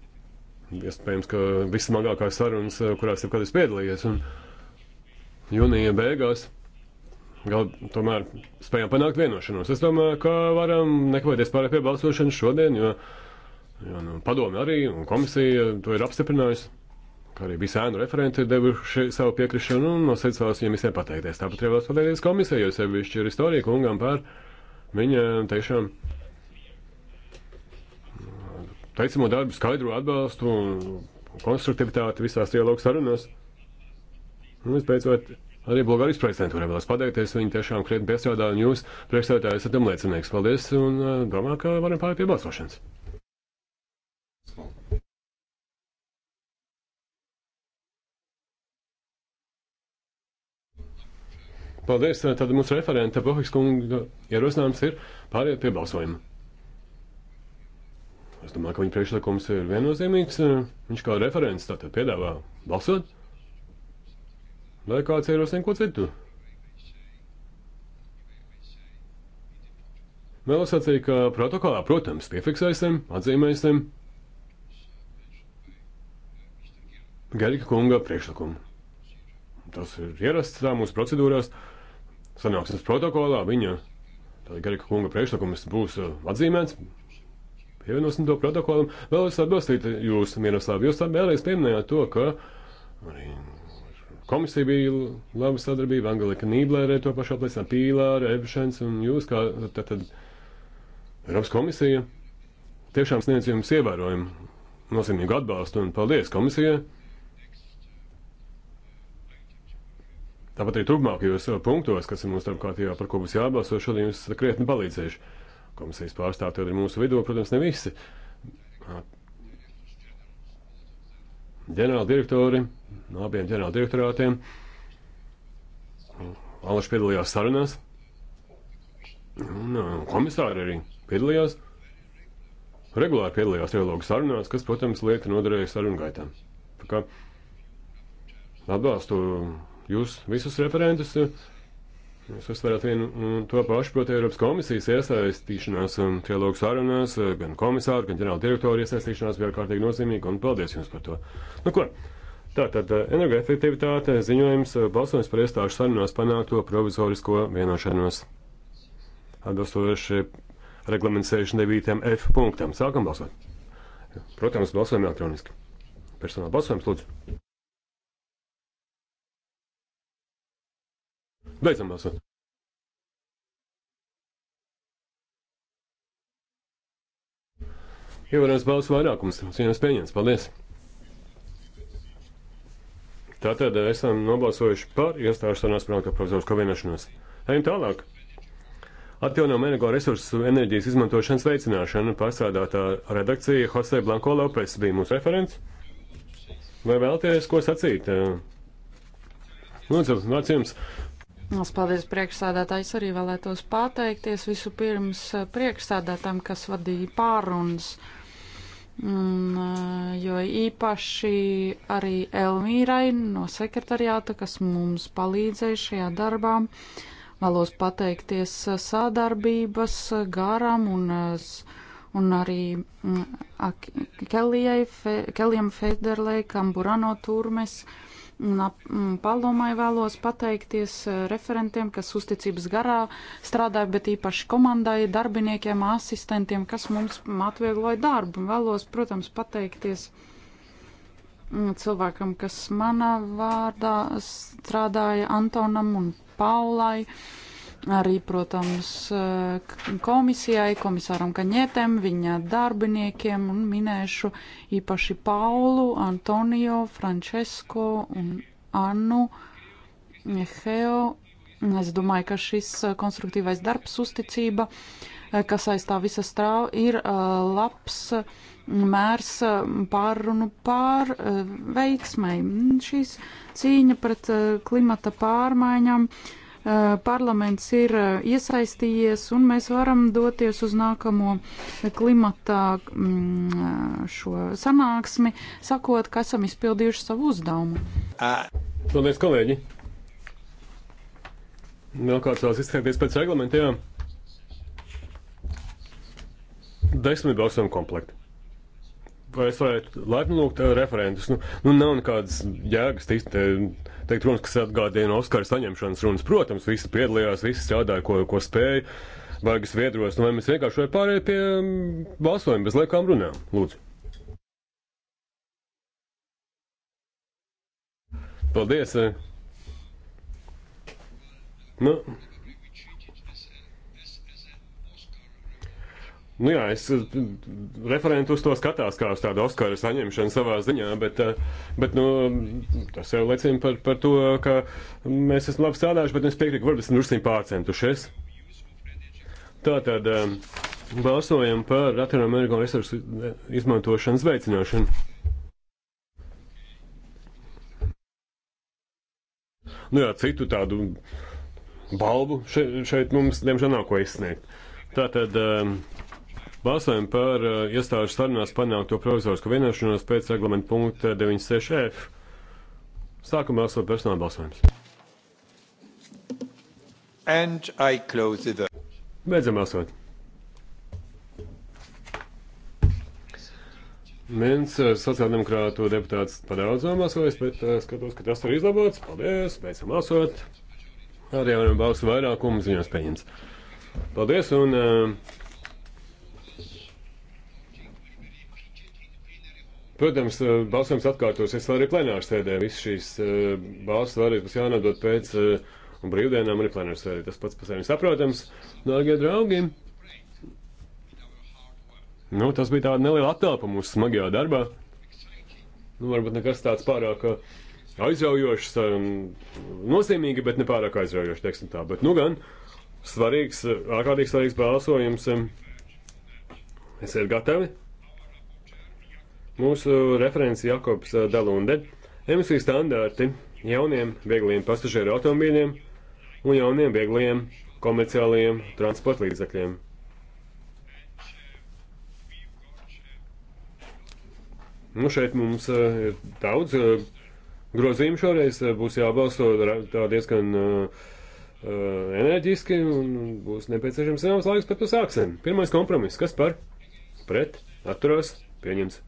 Iespējams, ka vissmagākās sarunas, kurās jebkad es piedalījies. Un jūnija beigās gal, tomēr spējām panākt vienošanos. Es domāju, ka varam nekavēties pārāk pie balsošanas šodien, jo, jo nu, padome arī un komisija to ir apstiprinājusi. Kā arī visi ēnu referenti ir devuši savu piekrišanu un no sirds vēlos viņiem visiem pateikties. Tāpat arī vēlos pateikties komisijai, jo sevišķi ir istorija kungam par. Uh, Viņa tiešām teicamo darbu skaidro atbalstu un konstruktivitāti visās dialogu sarunās. Un nu, visbeidzot, arī Bulgārijas prezidentūrai vēlas pateikties. Viņi tiešām krietni piestrādāja, un jūs, priekšstādātāji, esat tam liecinieks. Paldies, un eh, domāju, ka varam pārēt pie balsošanas. Paldies. Tad mums referenta Bohiks kunga ierosinājums ir pāriet pie balsojuma. Es domāju, ka viņa priekšlikums ir viennozīmīgs. Viņš kā referents tātad piedāvā balsot. Vai kāds ierosina ko citu? Vēlos atzīt, ka protokolā, protams, piefiksēsim, atzīmēsim Gerika kunga priekšlikumu. Tas ir ierasts tā mūsu procedūrās. Uh, sanāksmes protokolā viņa Garika kunga priekšlikums būs uh, atzīmēts. Pievienosim to protokolam. Vēlos atbalstīt jūs, Miroslav. Jūs vēlreiz pieminējāt to, ka arī komisija bija laba sadarbība, Angelika Nīblērē to pašā plēsā Pīlāra, Evšens un jūs, kā tad, tad Eiropas komisija, tiešām sniedz jums ievērojumu nozīmīgu atbalstu un paldies komisijai. Tāpat arī turpmākajos uh, punktos, kas ir mūsu starpkārtībā, par ko būs jābalso, šodien jūs esat krietni palīdzējuši. Komisijas pārstāvji ir mūsu vidū, protams, ne visi. Ģenerāla direktori no abiem ģenerāla direktorātiem. Alaši piedalījās sarunās. Un uh, komisāri arī piedalījās. Regulāri piedalījās trilogu sarunās, kas, protams, lieta noderēja sarunu gaitām. Tā kā atbalstu Jūs visus referentus, jūs uzsverat vienu un to pašu, proti, Eiropas komisijas iesaistīšanās um, trialogu sarunās, uh, gan komisāru, gan ģenerāla direktoru iesaistīšanās bija ārkārtīgi nozīmīga, un paldies jums par to. Nu, ko? Tātad uh, energoefektivitāte ziņojums uh, balsojums par iestāžu sarunās panākto provizorisko vienošanos. Atbilstoši reglamentsēšana 9F punktam. Sākam balsot. Protams, balsojam elektroniski. Personāla balsojums, lūdzu. Beidzam balsot. Ievērās balsu vairākums, vienas pieņems. Paldies! Tātad esam nobalsojuši par iestāšanās prāta profesors kavēnošanos. Ejam tālāk. Atjaunām energoresursu enerģijas izmantošanas veicināšana pārstrādātā redakcija Jose Blanko Lopes bija mūsu referents. Vai vēlties ko sacīt? Lūdzu, vārds jums. Es paldies priekšsādātājs arī vēlētos pateikties visu pirms eh, priekšsādātām, kas vadīja pārunas, un, eh, jo īpaši arī Elmīrai no sekretariāta, kas mums palīdzēja šajā darbā. Vēlos pateikties eh, sādarbības garam un, un arī mm, Kelijai, Fe, Kelijam Federlei, Kamburano Turmes. Uh, Un mm, Palomai vēlos pateikties eh, referentiem, kas uzticības garā strādāja, bet īpaši komandai, darbiniekiem, asistentiem, kas mums atviegloja darbu. Un vēlos, protams, pateikties mm, cilvēkam, kas manā vārdā strādāja, Antonam un Paulai. Uh, arī, protams, eh, komisijai, komisāram Kaņetem, viņa darbiniekiem un minēšu īpaši Paulu, Antonio, Francesco un Annu, Heo. Es domāju, ka šis eh, konstruktīvais darbs, uzticība, eh, kas aizstāv visas strāvu, ir labs mērs pārrunu pār veiksmai. Šīs cīņa pret klimata pārmaiņām Eh, parlaments ir eh, iesaistījies un mēs varam doties uz nākamo klimatā mm, eh, šo sanāksmi, sakot, ka esam izpildījuši savu uzdevumu. Paldies, kolēģi! Vēl kāds vēlas izteikties pēc reglamentiem? Desmit balsojumu komplekti. Vai es varētu laipni lūgt referentus? Nu, nu nav nekādas jēgas tīsti teikt runas, kas atgādina Oskara saņemšanas runas. Protams, visi piedalījās, visi strādāja, ko, ko spēja. Vaigas viedros, nu vai mēs vienkārši vai pārējai pie mm, balsojuma bez liekām runām. Lūdzu. Paldies. Eh. Nu, Nu jā, es eh, referentu uz to skatās kā uz tādu Oskara saņemšanu savā ziņā, bet, eh, bet nu, tas jau liecina par, par to, ka mēs esam labi strādājuši, bet es piekrītu, varbūt esam druskuļi pārcentušies. Tātad eh, balsojam par Latvijas-Amerikāņu resursu izmantošanas veicināšanu. Nu jā, citu tādu balvu šeit, šeit mums, diemžēl, nav ko izsniegt. Tātad. Um, Balsojam par uh, iestāžu sarunās panākto provizorisku vienošanos pēc reglamentu punkta 96F. Sākam balsot personāla balsojums. And I close it up. Beidzam balsot. Viens uh, sociāldemokrātu deputāts padaudzām balsojis, bet uh, skatos, ka tas ir izlabots. Paldies, beidzam balsot. Arī jau balsu vairākumu ziņās pieņems. Paldies un uh, Protams, eh, balsojums atkārtosies vēl arī plenāru sēdē. Viss šīs eh, balss vēlreiz būs jānodot pēc eh, brīvdienām arī plenāru sēdē. Tas pats par sevi saprotams. Dārgie draugi, nu, tas bija tāda neliela attēlpa mūsu smagajā darbā. Nu, varbūt nekas tāds pārāk aizraujošs, nozīmīgi, bet ne pārāk aizraujošs, teiksim tā. Bet, nu gan, svarīgs, ārkārtīgi svarīgs balsojums. Esiet gatavi! Mūsu referents Jakobs Dalunde - emisiju standārti jauniem viegliem pasažieru automobīļiem un jauniem viegliem komerciālajiem transporta līdzakļiem. Nu, šeit mums ir daudz grozījumu šoreiz. Būs jābalso tā diezgan enerģiski un būs nepieciešams zināms laiks, bet to sāksim. Pirmais kompromiss. Kas par? Pret? Atturās? Pieņems.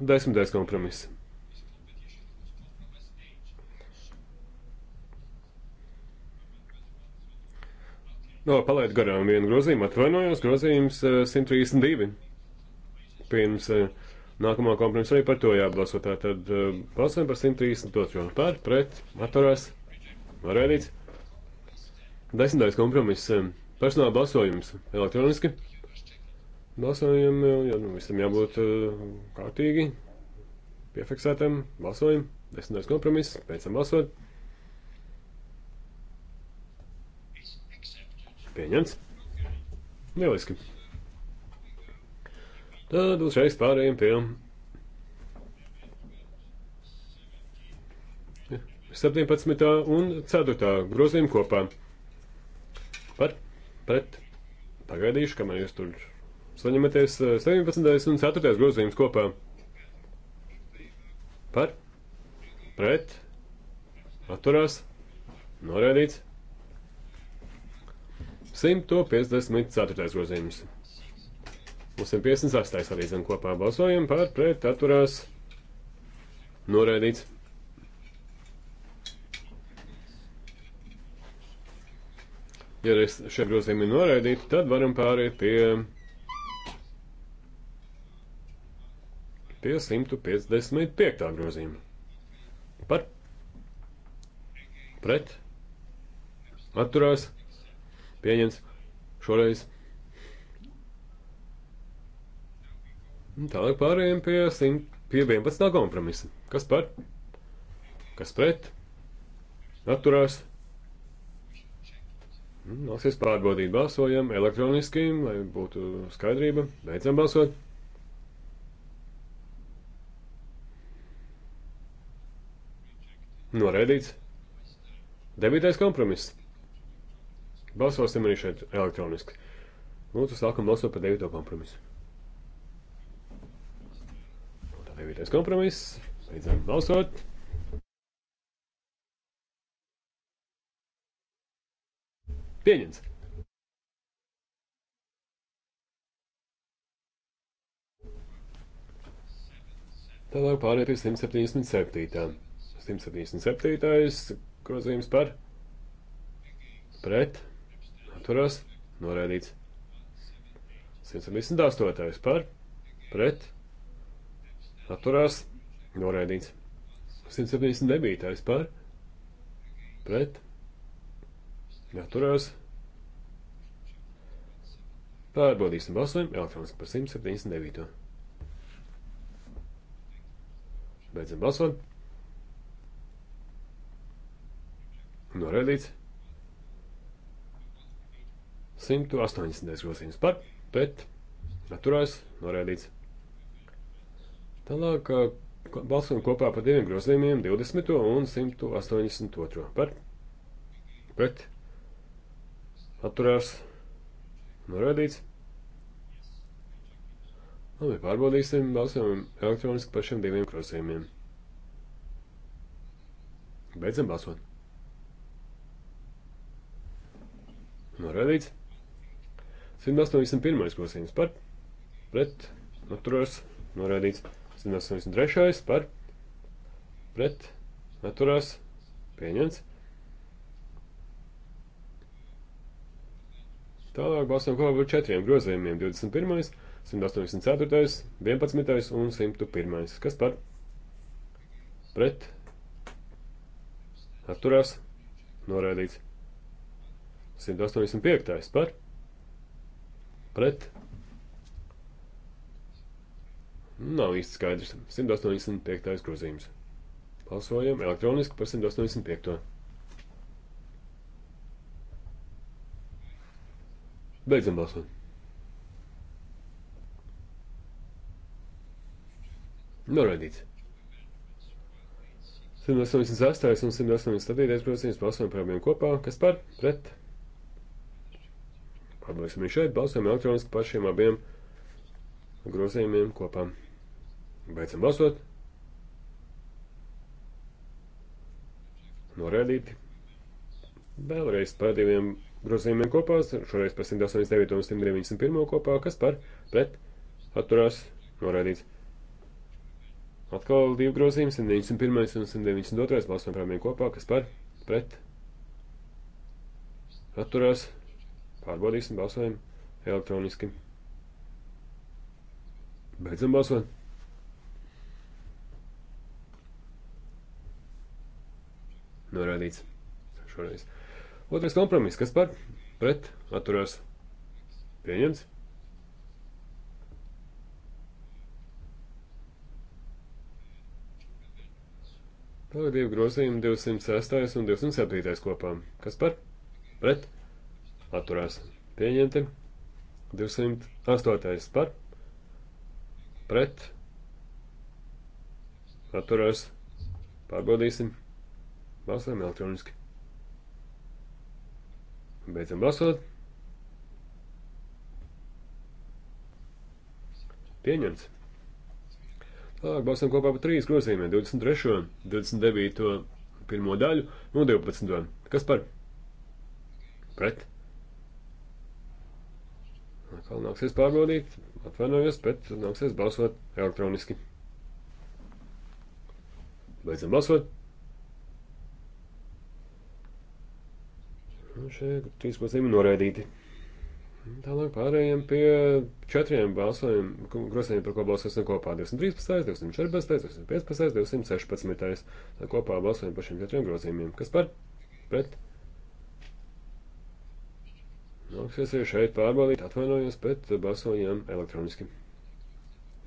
Desmitais kompromiss. No, palaidu garām vienu grozījumu, atvainojos, grozījums 132. Eh, Pirms eh, nākamā kompromisa arī par to jābalso. Tātad eh, balsojam par 132. Par, pret, atturās, varēdīts. Desmitais kompromiss personāla balsojums elektroniski. Balsojam, jo nu, visam jābūt eh, kārtīgi, piefiksētam, balsojam, desmitais kompromiss, pēc tam balsot. Pieņemts. Lieliski. Tad uzreiz pārējiem pie 17. un 4. grozījuma kopā. Par, pret, pagaidīšu, kamēr jūs tur Saņematies 17. Eh, un 4. grozījums kopā. Par, pret, atturās, norēdīts. 154. grozījums. Un 158. arī zem kopā balsojam par, pret, atturās, norēdīts. Ja šie grozījumi ir noraidīti, tad varam pāriet pie pie 155. grozījuma. Par pret atturās pieņems šoreiz. Un tālāk pārējiem pie, 100, pie 11. kompromisa. Kas par? Kas pret? Atturās. Nāksies pārbaudīt balsojam elektroniski, lai būtu skaidrība. Beidzam balsot. Noraidīts. Devītais kompromiss. Balsosim arī šeit elektroniski. Lūdzu, sākam balsot par devīto kompromisu. Tā devītais kompromiss. Beidzam balsot. Pieņemts. Tālāk pārējām pie 177. 177. grozījums par pret atturās norēdīts. 178. par pret atturās norēdīts. 179. par pret atturās. Pārbaudīsim balsojumu elektroniski par 179. Beidzam balsot. Noraidīts. 180. grozījums par, pret, atturās, noraidīts. Tālāk balsojam kopā par diviem grozījumiem, 20. un 182. par, pret, atturās, noraidīts. Labi, pārbaudīsim balsojumu elektroniski par šiem diviem grozījumiem. Beidzam balsot! Noraidīts. 181. grozījums par pret atturās noraidīts. 183. par pret atturās pieņemts. Tālāk balsojam kopā par četriem grozījumiem - 21., 184., 11. un 101. Kas par pret atturās noraidīts. 185. par pret. Nav īsti skaidrs. 185. grozījums. Balsojam elektroniski par 185. Beidzam balsot. Noraidīts. 186. un 187. grozījums balsojam par abiem kopā, kas par pret Pārbaudīsim šeit, balsojam elektroniski par šiem abiem grozījumiem kopā. Beidzam balsot. Norēdīti. Vēlreiz par diviem grozījumiem kopā, šoreiz par 189 un 191 kopā, kas par pret atturās norēdīts. Atkal divi grozījumi, 191 un 192 balsojam par abiem kopā, kas par pret atturās norēdīts. Pārbaudīsim balsojumu elektroniski. Beidzam balsot. Norādīts šoreiz. Otrais kompromiss, kas par pret atturās pieņemts. Tagad divi grozījumi 206. un 207. kopā. Kas par? Pret? atturās pieņemti. 208. par pret atturās pārbaudīsim. Balsojam elektroniski. Beidzam balsot. Pieņemts. Tālāk balsam kopā par trīs grozījumiem - 23, 29, pirmo daļu un 12. Kas par? Pret. Atkal nāksies pārbaudīt, atvainojos, bet nāksies balsot elektroniski. Beidzam balsot. Un šeit trīs pazīmi noraidīti. Tālāk pārējiem pie četriem balsojumiem, grozījumiem, par ko balsosim kopā. 213, 214, 215, 216. Tā kopā balsojam par šiem četriem grozījumiem. Kas par? Pret? Nāksies nu, arī šeit pārbaudīt, atvainojos, bet balsojam elektroniski.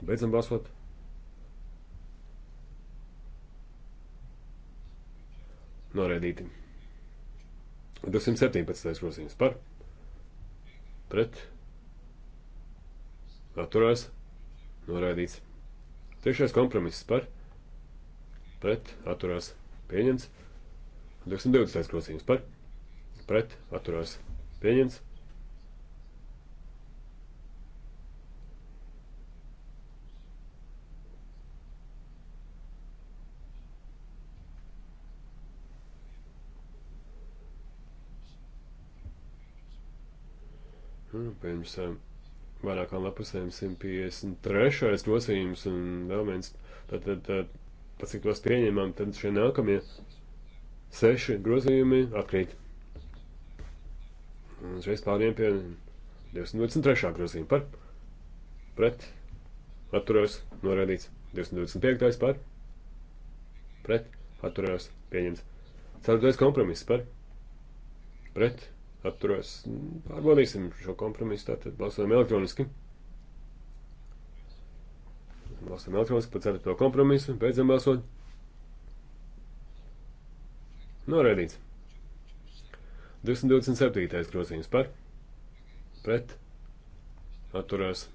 Beidzam balsot. Noraidīti. 217. grozījums par pret atturās noraidīts. Trešais kompromiss par pret atturās pieņemts. 220. grozījums par pret atturās pieņemts. pirms vairākām lapusēm 153. grozījums un vēl viens. Tad, tad, tad pat cik tos pieņemam, tad šie nākamie seši grozījumi atkrīt. Un šeit pārējiem pie 223. grozījuma par pret atturējos norādīts. 225. par pret atturējos pieņemts. Ceturtais kompromiss par pret atturās. Pārbaudīsim šo kompromisu, tātad balsojam elektroniski. Balsojam elektroniski par ceturto kompromisu, beidzam balsot. Noraidīts. 227. grozījums par, pret, atturās.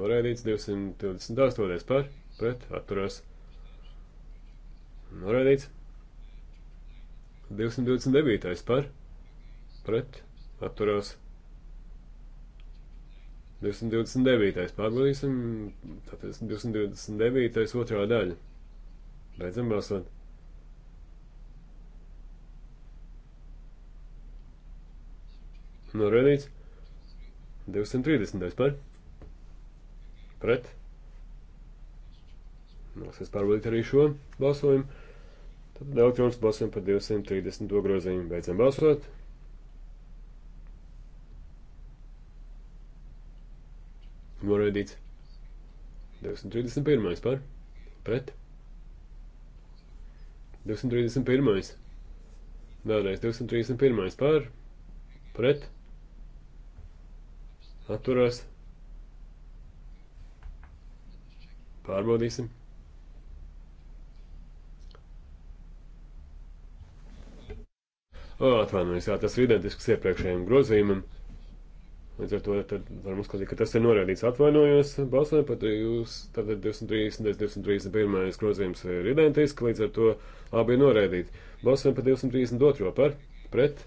Noraidīts 228. par, pret, atturās. Noraidīts 229. par, pret pret atturās 229. pārbaudīsim, tātad 229. otrā daļa. Beidzam balsot. Norēdīts 230. par pret. Nāksies pārbaudīt arī šo balsojumu. Tad elektronisku balsojumu par 230. grozījumu. Beidzam balsot. Noraidīts. 231. par. Pret. 231. Vēlreiz 231. par. Pret. Atturās. Pārbaudīsim. Atvainojos, jā, tas ir identisks iepriekšējiem grozījumam. Līdz ar to tad varam uzskatīt, ka tas ir norādīts. Atvainojos balsojam, pat jūs tātad 230, 231 grozījums ir identiski, līdz ar to abi ir norādīti. Balsojam par 232 par, pret,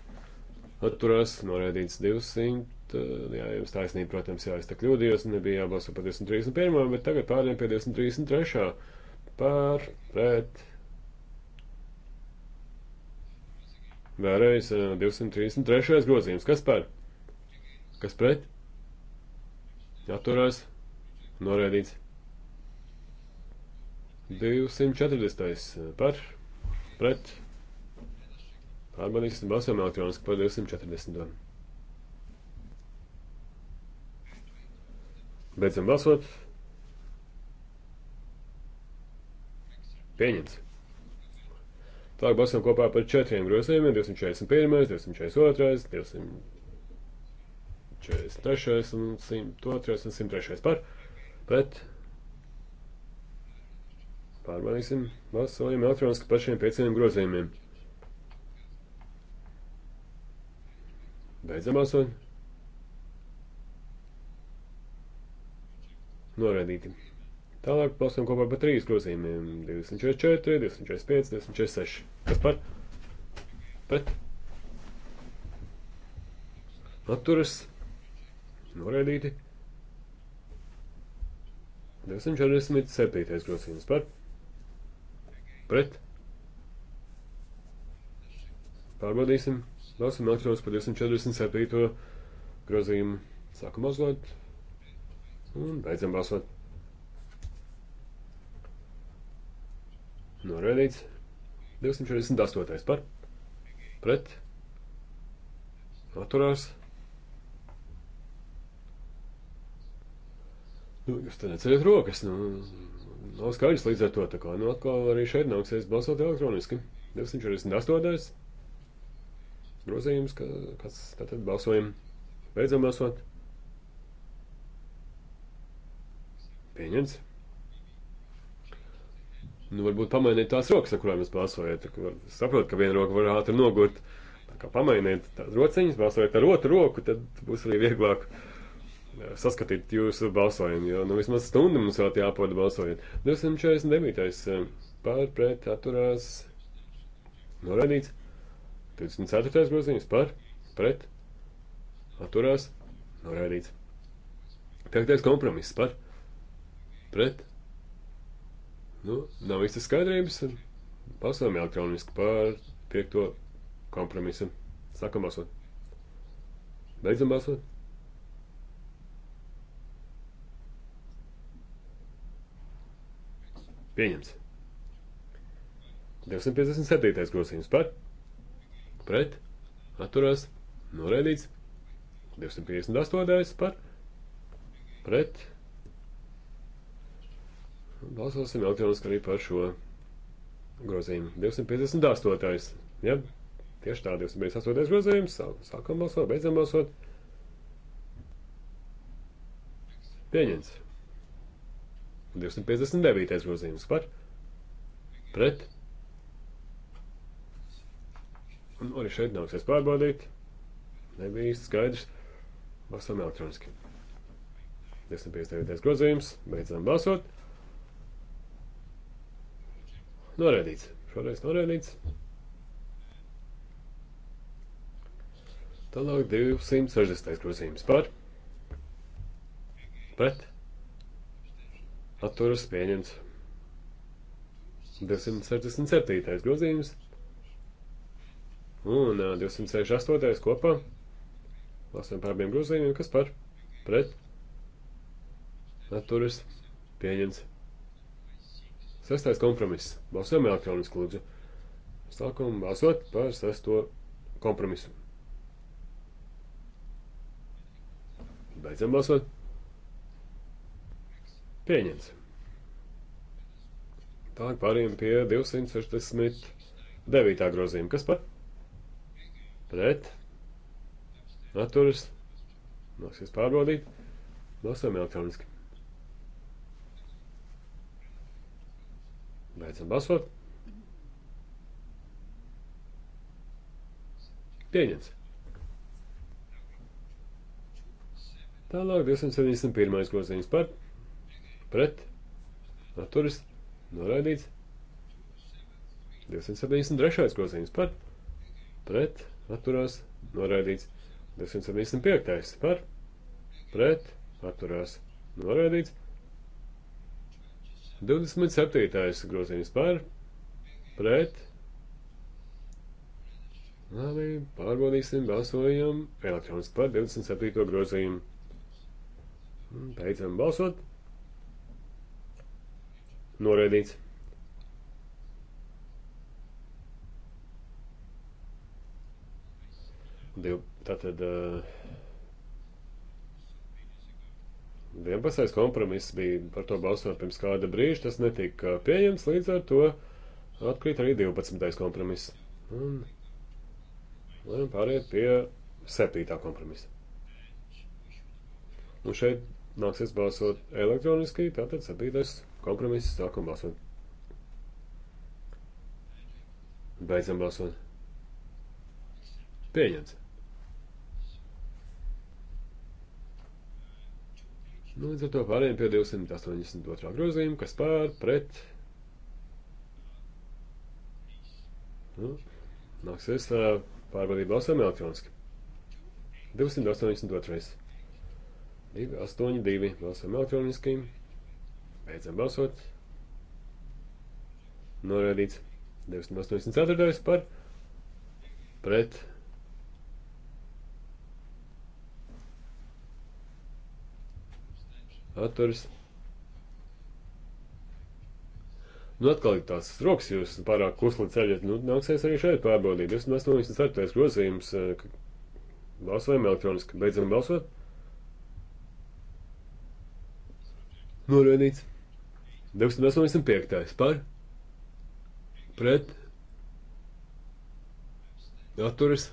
atturās, norādīts 200, jā, jums taisnība, protams, jā, es te kļūdījos, nebija jābalso par 231, bet tagad pārējiem pie 233 par, pret. Vēlreiz 233 grozījums, kas par? Kas pret? Atturās. Noraidīts. 240. par. Pret. Pārbaudīsim balsojumu elektroniski par 240. Beidzam balsot. Pieņemts. Tālāk balsojam kopā par četriem grozījumiem - 241, 242, 200. 43. un 102. un 103. par pret. Pārbaudīsim, balsojam elektroniski par šiem pieciem grozījumiem. Beidzam balsot. Noraidīti. Tālāk balsojam kopā par trīs grozījumiem. 244, 245, 246. Kas par? Pret. Atturas. Noraidīti. 247. grozījums par pret. Pārbaudīsim. Balsam elektronas par 247. grozījumu. Sākam balsot. Un beidzam balsot. Noraidīts. 248. par pret. Atturās. Nu, jūs te neceliet rokas. Nu, nav skaidrs līdz ar to. Tā kā nu, atkal arī šeit nāksies balsot elektroniski. 248. grozījums, ka, kas tātad balsojam. Beidzam balsot. Pieņemts. Nu, varbūt pamainīt tās rokas, ar kurām jūs balsojat. Saprotu, ka viena roka var ātri nogurt. Tā kā pamainīt tās rociņas, balsojat ar otru roku, tad būs arī vieglāk uh, saskatīt jūsu balsojumu, jo nu, vismaz stundu mums vēl jāpoda balsojumu. 249. par pret atturās norādīts. 24. grozījums par pret atturās norādīts. Piektais kompromiss par pret. Nu, nav īstas skaidrības. Balsojam elektroniski par piekto kompromisu. Sākam balsot. Beidzam balsot. Pieņemts. 257. grozījums par, pret, atturās, noraidīts. 258. par, pret. Balsosim elektroniski arī par šo grozījumu. 258. Ja? Tieši tā, 258. grozījums. Sākam balsot, beidzam balsot. Pieņemts. 259. grozījums par pret. Un arī šeit nāksies pārbaudīt. Nebija īsti skaidrs. Balsam elektroniski. 259. grozījums. Beidzam balsot. Norēdīts. Šoreiz norēdīts. Tālāk 260. grozījums par pret atturas pieņemts. 267. grozījums un 268. kopā. Lasām par abiem grozījumiem, kas par pret atturas pieņemts. Sestais kompromiss. Balsojam elektroniski lūdzu. Sākam balsot par sesto kompromisu. Beidzam balsot. Pieņemts. Tālāk pārējiem pie 269. grozījuma. Kas par? Pret. Atturas. Nāksies pārbaudīt. Balsojam elektroniski. Beidzam balsot. Pieņemts. Tālāk 271. grozījums par pret, atturas, noraidīts. 273. grozījums par, pret, atturās, noraidīts. 275. par, pret, atturās, noraidīts. 27. grozījums par, pret, labi, pārbaudīsim, balsojam elektroniski par 27. grozījumu. Beidzam balsot. Noraidīts. Div, tātad uh, 11. kompromiss bija par to balsot pirms kāda brīža. Tas netika pieņemts, līdz ar to atkrīt arī 12. kompromiss. Un lēma pāriet pie 7. kompromisa. Un šeit nāksies balsot elektroniski, tātad 7. kompromiss. Kompromiss. Sākam balsot. Beidzam balsot. Pieņemts. Nu, līdz ar to pārējiem pie 282. grozījuma, kas pār pret. Nu, nāksies pārbaudīt balsām elektroniski. 282. 282. Balsām elektroniski. Beidzam balsot. Norādīts 284. par pret. Atturs. Nu, atkal ir tās rokas, jūs pārāk kusli ceļat. Nu, nāksies arī šeit pārbaudīt. 284. grozījums. Eh, balsojam elektroniski. Beidzam balsot. Norēdīts. 285. par pret atturas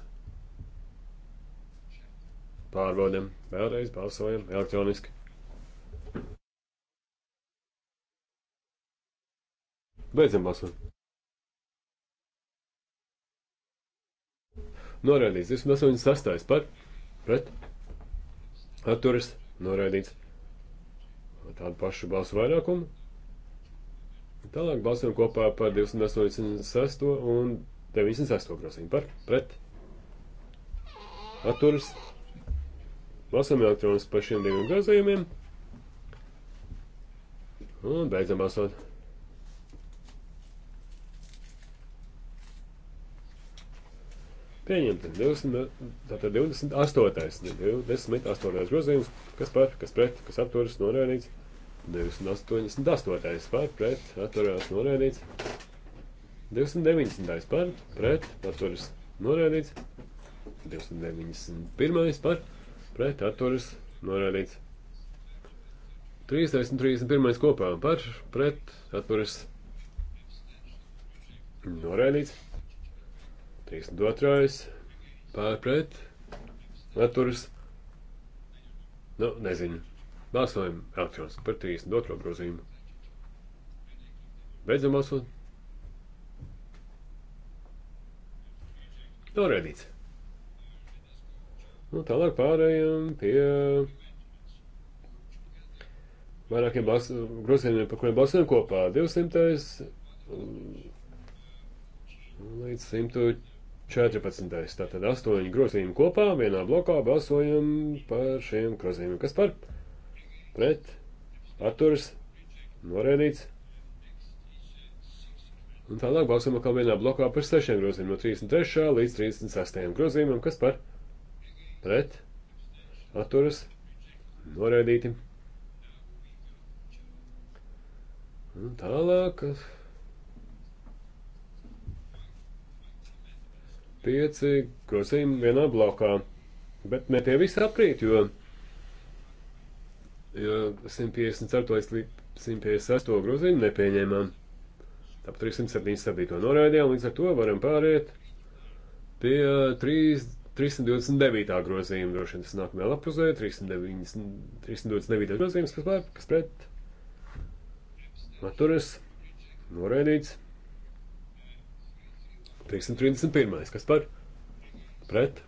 pārbaudam. Vēlreiz balsojam elektroniski. Beidzam balsot. Noraidīts 286. par pret atturas noraidīts tādu pašu balsu vairākumu. Tālāk balsojam kopā par 286 un 96 grozījumu par pret. Atturas. Balsojam elektronis par šiem diviem grozījumiem. Un beidzam balsot. Pieņemti 20, tātad 28. 28. grozījums, kas par, kas pret, kas atturas, norēdīts. 288. par pret atturās norēdīts. 290. par pret atturas norēdīts. 291. par pret atturas norēdīts. 30 un 31 kopā par pret atturas norēdīts. 32. par pret atturas. Nu, nezinu. Balsojam elektroniski par 32. grozījumu. Beidzam balsot. Norēdīts. Nu, tālāk pārējām pie vairākiem bals... grozījumiem, par kuriem balsojam kopā. 200. līdz 114. Tātad astoņi grozījumi kopā, vienā blokā balsojam par šiem grozījumiem. Kas par? pret, atturas, norēdīts. Un tālāk balsam atkal vienā blokā par sešiem grozījumiem, no 33. līdz 36. grozījumam, kas par pret, atturas, norēdīti. Un tālāk. 5 grozījumi vienā blokā. Bet ne tie visi aprīt, jo jo 154. līdz 156. grozījumu nepieņēmām. Tāpat 377. noraidījām, līdz ar to varam pāriet pie 3, 329. grozījuma. Droši vien tas nākamajā lapuzē, 309, 329. grozījums, kas, pār, kas pret atturas, noraidīts. 331. kas par pret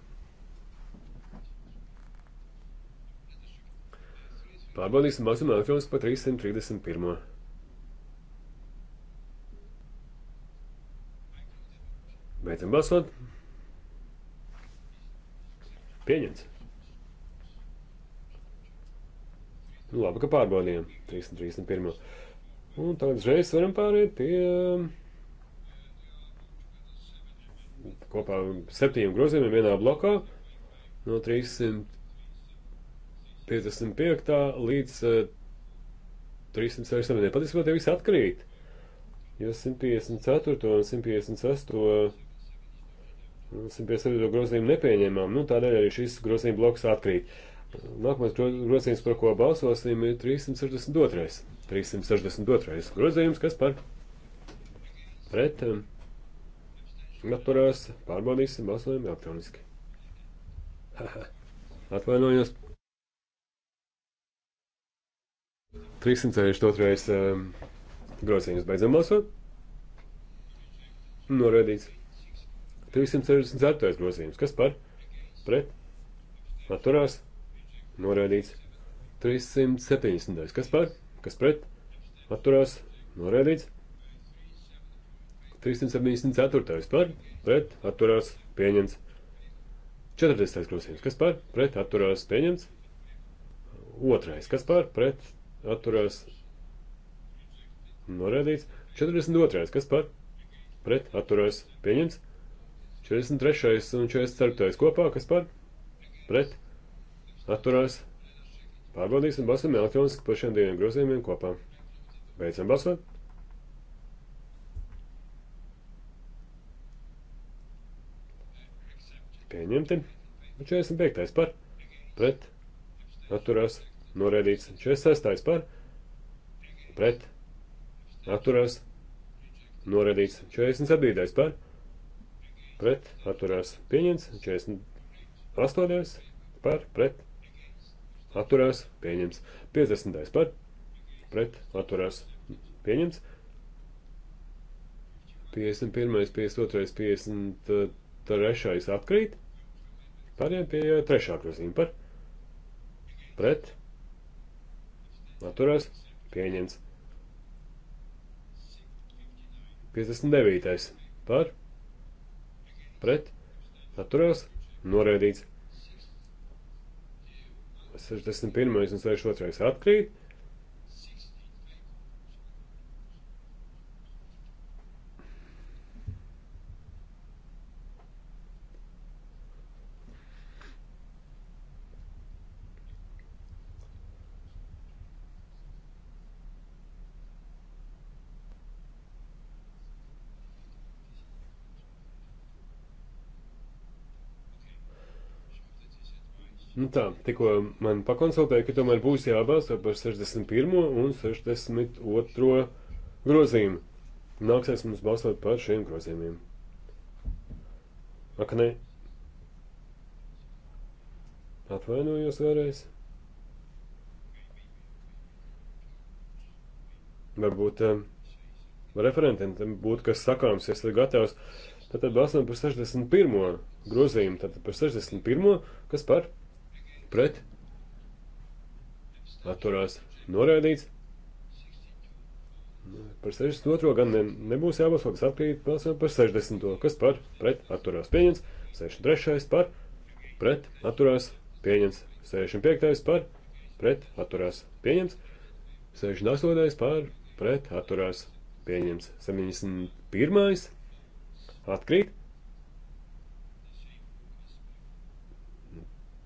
Pārbaudīsim maksimālo filmas pa 331. Beidzam balsot. Pieņemts. Nu, labi, ka pārbaudījām 331. Un tagad uzreiz varam pāriet pie kopā septiņiem grozījumiem vienā blokā no 300. 55. līdz uh, eh, 367. Patiesībā tie visi atkrīt. Jo 154. un 156. 157. Nu, grozījumu nepieņēmām, nu tādēļ arī šis grozījuma bloks atkrīt. Nākamais grozījums, par ko balsosim, ir 362. 362. grozījums, kas par pret eh, atturās, pārbaudīsim, balsojam elektroniski. Atvainojos. 362. Um, grozījums beidzam balsot. Noraidīts. 364. grozījums. Kas par? Pret. Atturās. Noraidīts. 370. Kas par? Kas pret? Atturās. Noraidīts. 374. par? Pret. Atturās. Pieņemts. 40. grozījums. Kas par? Pret. Atturās. Pieņemts. Otrais. Kas par? Pret atturās norādīts. 42. kas par pret atturās pieņemts. 43. un 44. kopā kas par pret atturās pārbaudīsim balsam elektroniski par šiem diviem grozījumiem kopā. Beidzam balsot. Pieņemti. 45. par pret atturās pieņemts. Noraidīts 46. par pret atturās. Noraidīts 47. par pret atturās. Pieņemts 48. par pret atturās. Pieņemts 50. par pret atturās. Pieņemts 51. 52. 53. atkrīt. Pārējām pie trešā grozījuma par pret Atturās. Pieņemts. 59. Par. Pret. Atturās. Noraidīts. 61. un 62. atkrīt. Nu tā, tikko man pakonsultēja, ka tomēr būs jābalso par 61. un 62. grozījumu. Nāksies mums balsot par šiem grozījumiem. Ak, nē. Atvainojos vēlreiz. Varbūt um, referentiem būtu kas sakāms, ja esat gatavs. Tātad balsojam par 61. grozījumu, tātad par 61. kas par pret, atturās noraidīts. Par 62. gan ne, nebūs jābalso, kas atkrīt, balsojam par 60. kas par, pret, atturās pieņems, 63. par, pret, atturās pieņems, 65. par, pret, atturās pieņems, 68. par, pret, atturās pieņems, 71. atkrīt,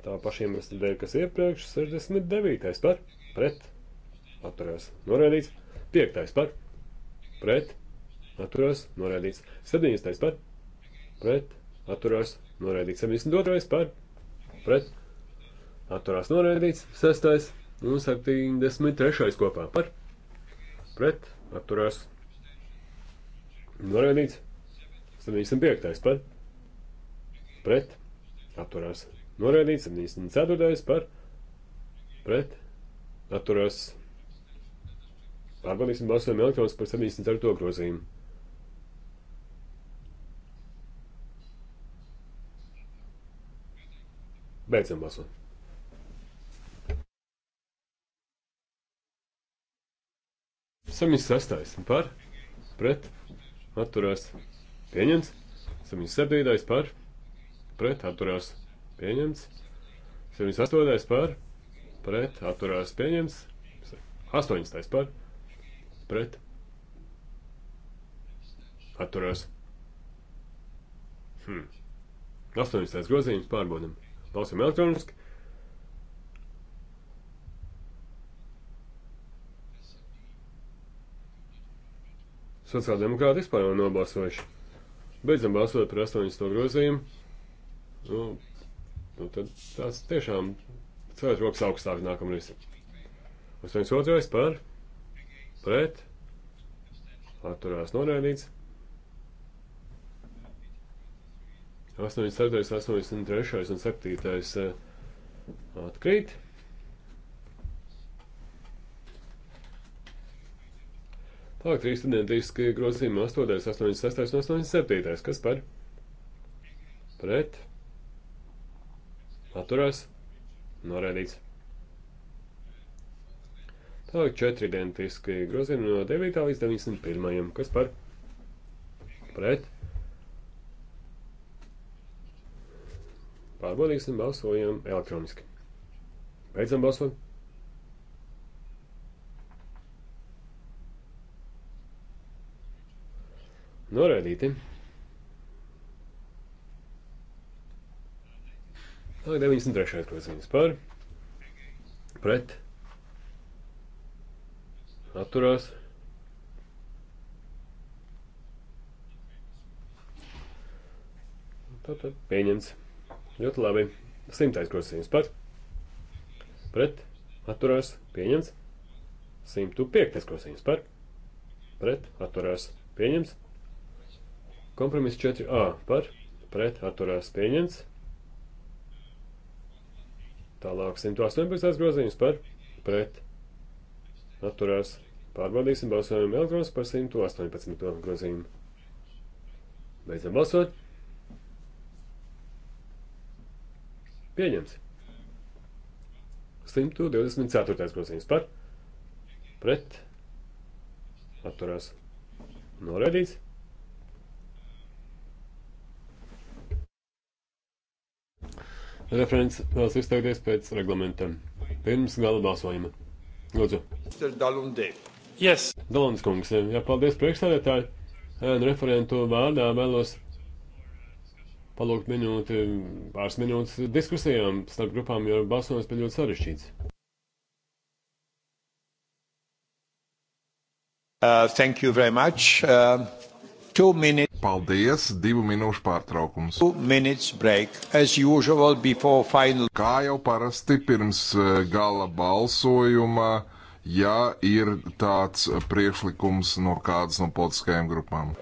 Tā pašiem iemeslu dēļ, kas iepriekš 69. par pret atturējās norēdīts, 5. par pret atturējās norēdīts, 7. par pret atturējās norēdīts, 72. par pret atturējās norēdīts, 6. un 73. kopā par pret atturējās norēdīts, 75. par pret atturējās norēdīts. Noraidīts 74. par pret atturās. Pārbaudīsim balsojumu elektronisku par 74. grozījumu. Beidzam balsot. Samīs sastais par, pret, atturās, pieņems. Samīs septītais par, pret, atturās, pieņems pieņemts. 78. par, pret, atturās pieņemts. 18. par, pret, atturās. Hmm. 18. grozījums pārbaudam. Balsam elektroniski. Sociāldemokrāti vispār nav nobalsojuši. Beidzam balsot par 18. grozījumu. Nu, nu, tad tās tiešām cilvēks rokas augstāk nākamreiz. 82. par pret atturās norēdīts. 84., 83. un 7. Eh, atkrīt. Tālāk trīs identiski grozījumi 8, 86 un 87. Kas par? Pret atturās, noraidīts. Tālāk četri identiski grozījumi no 9. līdz 91. Kas par? Pret. Pārbaudīsim, balsojam elektroniski. Beidzam balsot. Noraidīti. Tālāk 93. grozījums par pret atturās. Tātad pieņemts. Ļoti labi. Simtais grozījums par pret atturās pieņemts. 105. grozījums par pret atturās pieņemts. Kompromiss 4a par pret atturās pieņemts. Tālāk 118. grozījums par pret atturās. Pārbaudīsim balsojumu elektrons par 118. grozījumu. Beidzam balsot. Pieņemts. 124. grozījums par pret atturās. Noraidīts. Referents vēlas izteikties pēc reglamentam. Pirms gala balsojuma. Lūdzu. Yes. Dalons kungs, jā, paldies priekšsēdētāji. Referentu vārdā vēlos palūgt minūti, pāris minūtes diskusijām starp grupām, jo balsojums bija ļoti sarežģīts. Uh, thank you very much. Uh, two minutes. Paldies, divu minūšu pārtraukums. Break, usual, final... Kā jau parasti pirms eh, gala balsojuma, ja ir tāds priekšlikums no kādas no politiskajām grupām.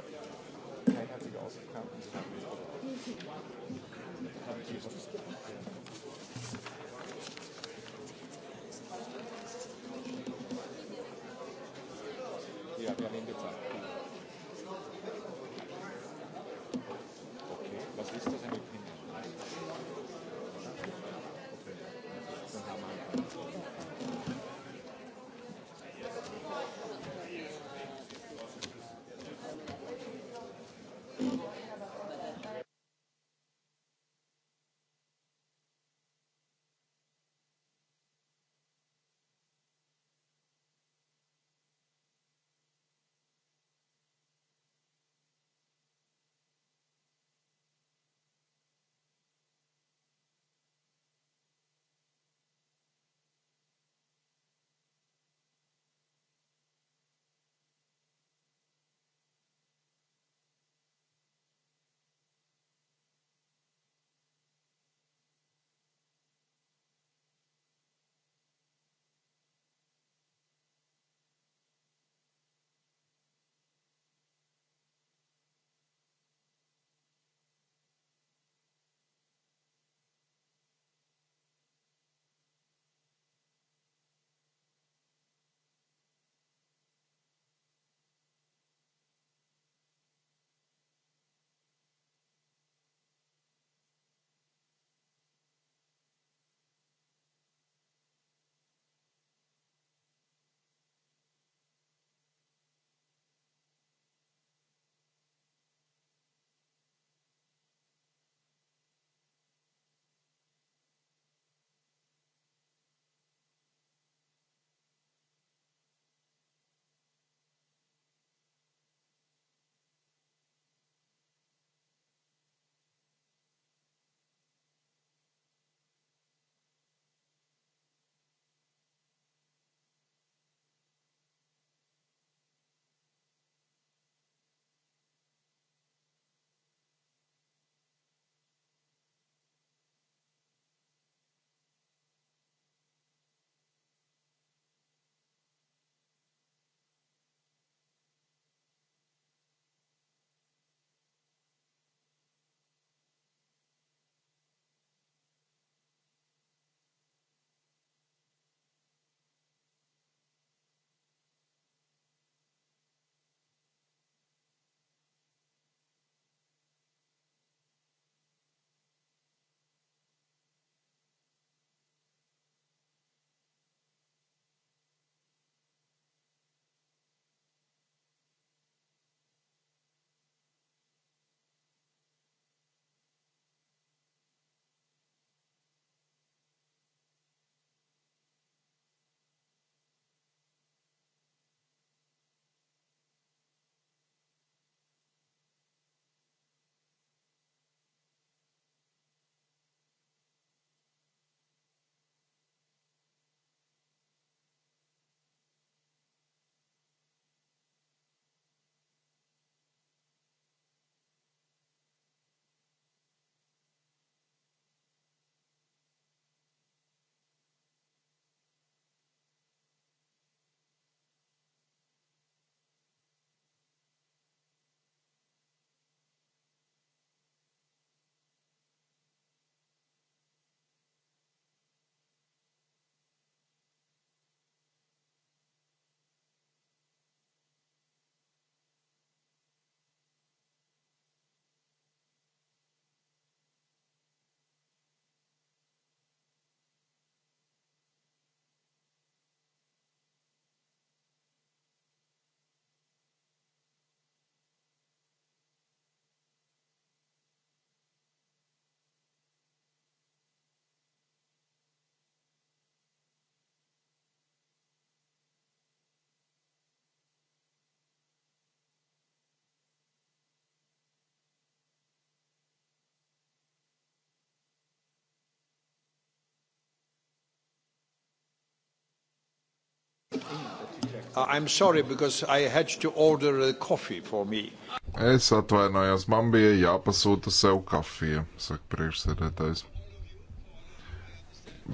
Uh, I'm sorry because I had to order a coffee for me. Es atvainojos, man bija jāpasūta sev kafija, saka priekšsēdētājs.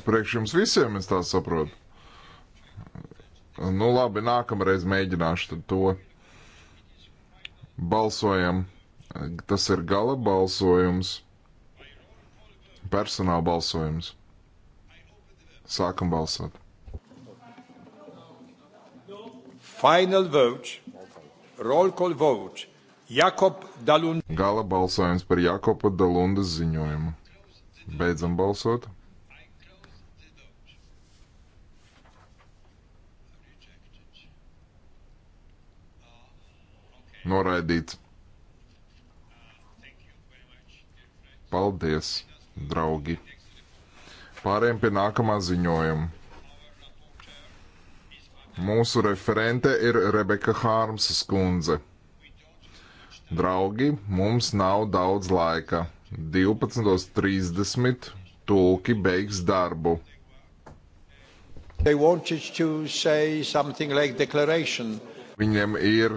Priekš jums visiem es tā saprotu. Nu labi, nākamreiz mēģināšu to. Balsojam. Tas ir gala balsojums. Personāla balsojums. Sākam balsot. Final vote. Roll call vote. Jakob Dalund. Gala balsojums par Jakoba Dalundas ziņojumu. Beidzam balsot. Noraidīts. Paldies, draugi. Pārējiem pie nākamā ziņojuma. Mūsu referente ir Rebeka Hārmsas kundze. Draugi, mums nav daudz laika. 12.30 tulki beigs darbu. Like Viņiem ir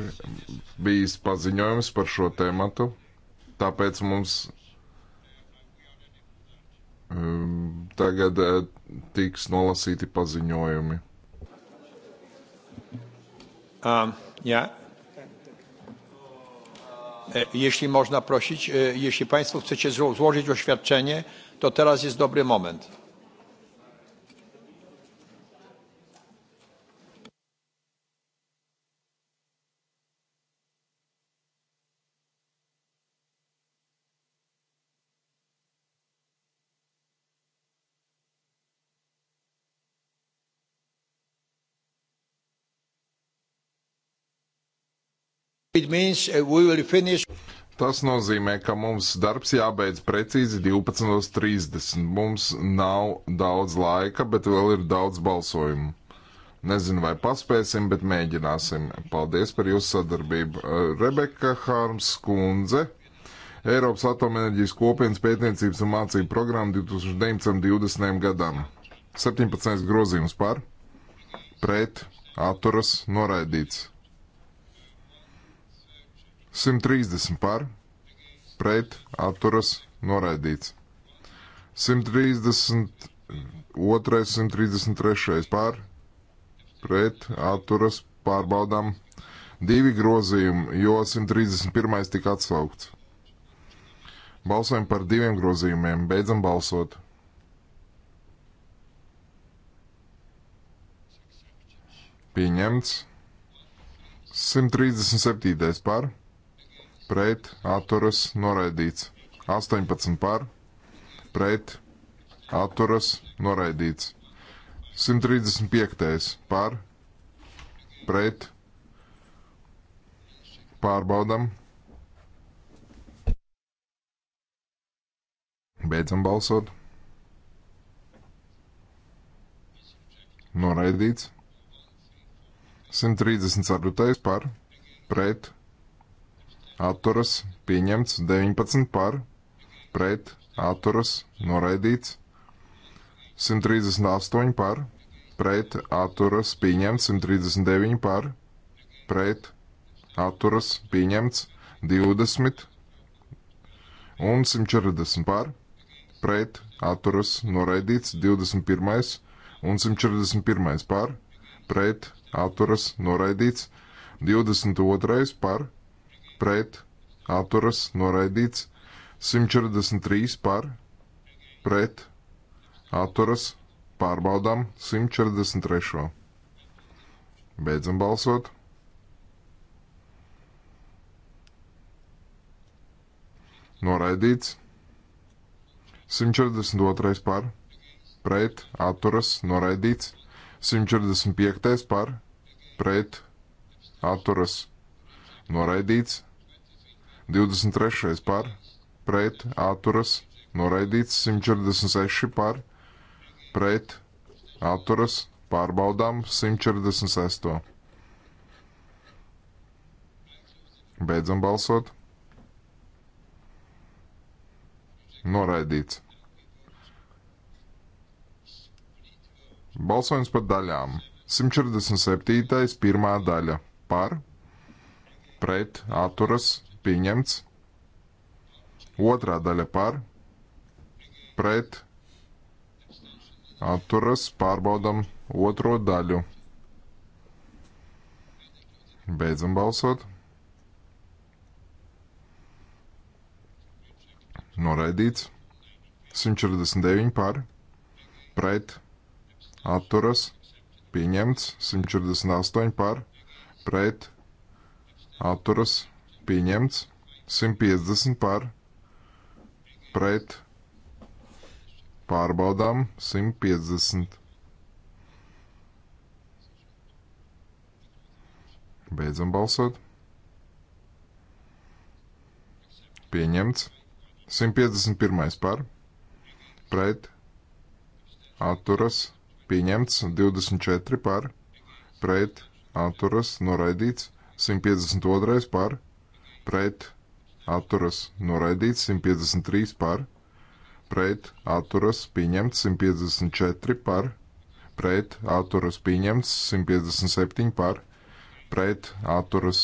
bijis paziņojums par šo tēmatu, tāpēc mums um, tagad eh, tiks nolasīti paziņojumi. Um, yeah. E, jeśli można prosić, e, jeśli Państwo chcecie złożyć oświadczenie, to teraz jest dobry moment. Uh, finish... Tas nozīmē, ka mums darbs jābeidz precīzi 12.30. Mums nav daudz laika, bet vēl ir daudz balsojumu. Nezinu, vai paspēsim, bet mēģināsim. Paldies par jūsu sadarbību. Uh, Rebeka Hārms Kundze, Eiropas atomenerģijas kopienas pētniecības un mācību programma 2019-2020 gadam. 17. grozījums par, pret, atturas, noraidīts. 130 par, pret, atturas, noraidīts. 132, 133 par, pret, atturas, pārbaudām. Divi grozījumi, jo 131 tika atsaukts. Balsojam par diviem grozījumiem, beidzam balsot. Pieņemts. 137 par pret atturas noraidīts. 18 par pret atturas noraidīts. 135 par pret pārbaudam. Beidzam balsot. Noraidīts. 134. par pret atturas pieņemts 19 par, pret atturas noraidīts 138 par, pret atturas pieņemts 139 par, pret atturas pieņemts 20 un 140 par, pret atturas noraidīts 21 un 141 par, pret atturas noraidīts 22 par, pret atturas noraidīts 143 par pret atturas pārbaudām 143. Beidzam balsot. Noraidīts 142 par pret atturas noraidīts 145 par pret atturas noraidīts 23. par, pret, atturas, noraidīts 146 par, pret, atturas, pārbaudām 146. Beidzam balsot. Noraidīts. Balsojums par daļām. 147. pirmā daļa par, pret, atturas, pieņemts. Otrā daļa par, pret, atturas, pārbaudam otro daļu. Beidzam balsot. Noraidīts. 149 par, pret, atturas, pieņemts. 148 par, pret, atturas, pieņemts. 150 par pret pārbaudām 150. Beidzam balsot. Pieņemts. 151 par pret atturas pieņemts 24 par pret atturas noraidīts 152 par pret pret atturas noraidīts 153 par, pret atturas pieņemts 154 par, pret atturas pieņemts 157 par, pret atturas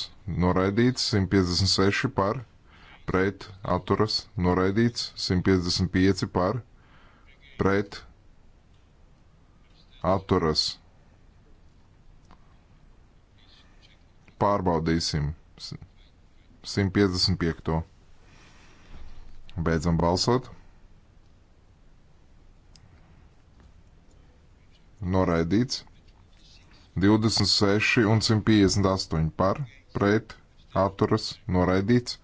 noraidīts 156 par, pret atturas noraidīts 155 par, pret atturas. Pārbaudīsim. 155. Beidzam balsot. Noraidīts. 26 un 158 par, pret, atturas, noraidīts.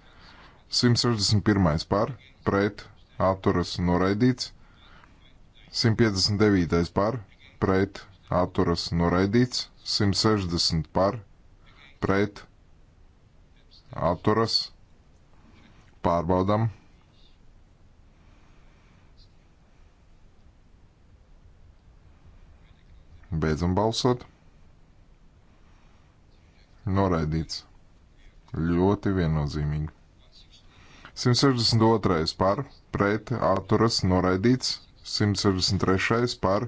161 par, pret, atturas, noraidīts. 159 par, pret, atturas, noraidīts. 160 par, pret, atturas, pārbaudam. Beidzam balsot. Noraidīts. Ļoti viennozīmīgi. 162. par, pret, atturas, noraidīts. 163. par,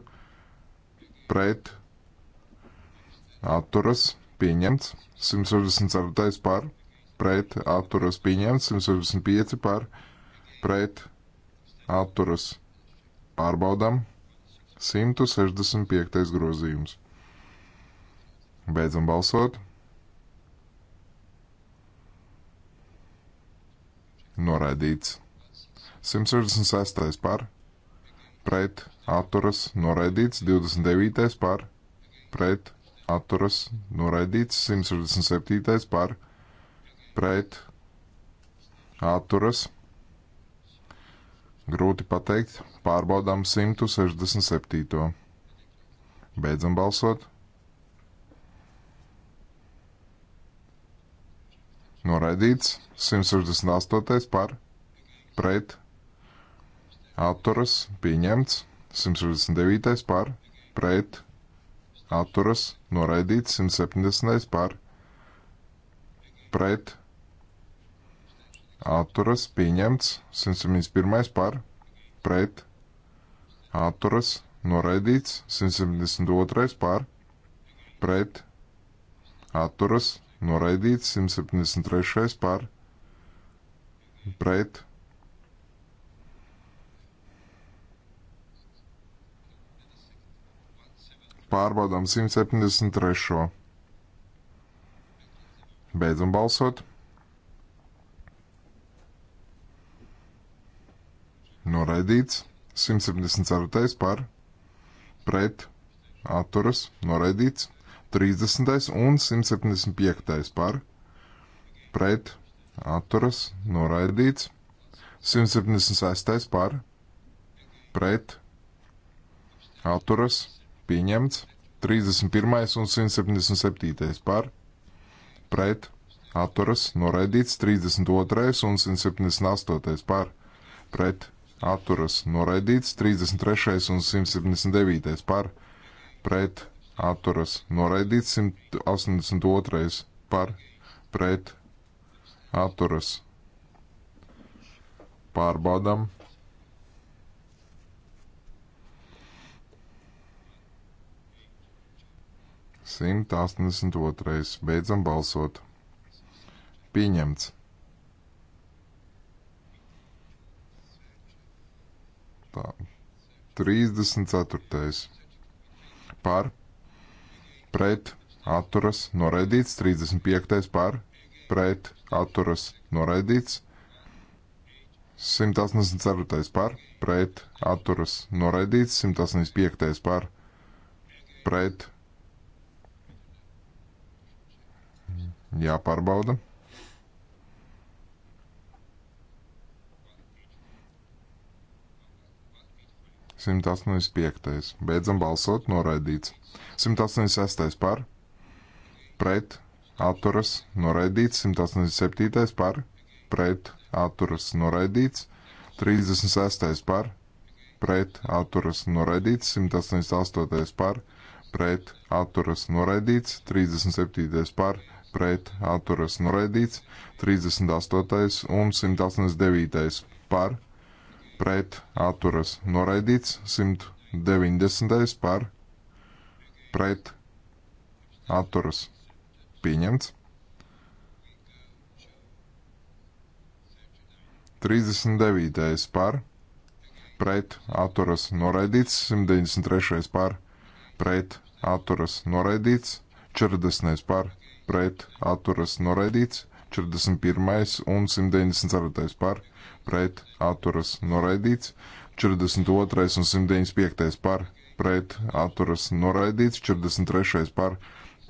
pret, atturas, pieņemts. 164. par, pret atturas pieņemts, 165 par pret atturas pārbaudām, 165 grozījums. Beidzam balsot. Noraidīts. 166 par pret atturas noraidīts, 29 par pret atturas noraidīts, 167 par pret pret, atturas. Grūti pateikt, pārbaudām 167. Beidzam balsot. Noraidīts 168. par, pret, atturas, pieņemts 169. par, pret, atturas, noraidīts 170. par, pret, atturas pieņemts, 171 par, pret, atturas noraidīts, 172 par, pret, atturas noraidīts, 173 par, pret. Pārbaudām 173. Beidzam balsot. noraidīts. 174. par pret atturas noraidīts. 30. un 175. par pret atturas noraidīts. 176. par pret atturas pieņemts. 31. un 177. par pret atturas noraidīts. 32. un 178. par pret atturas noraidīts, 33. un 179. par pret atturas noraidīts, 182. par pret atturas pārbaudam. Simt astoņdesmit otrais. Beidzam balsot. Pieņemts. Tā. 34. par pret atturas noraidīts, 35. par pret atturas noraidīts, 184. par pret atturas noraidīts, 185. par pret jāpārbauda. Ja, 185. Beidzam balsot, noraidīts. 186. par, pret, atturas, noraidīts. 187. par, pret, atturas, noraidīts. 36. par, pret, atturas, noraidīts. 188. par, pret, atturas, noraidīts. 37. par, pret, atturas, noraidīts. 38. un 189. par, pret atturas noraidīts, 190. par pret atturas pieņemts. 39. par pret atturas noraidīts, 193. par pret atturas noraidīts, 40. par pret atturas noraidīts, 41. un 194. par pret atturas noraidīts, 42. un 195. par pret atturas noraidīts, 43. par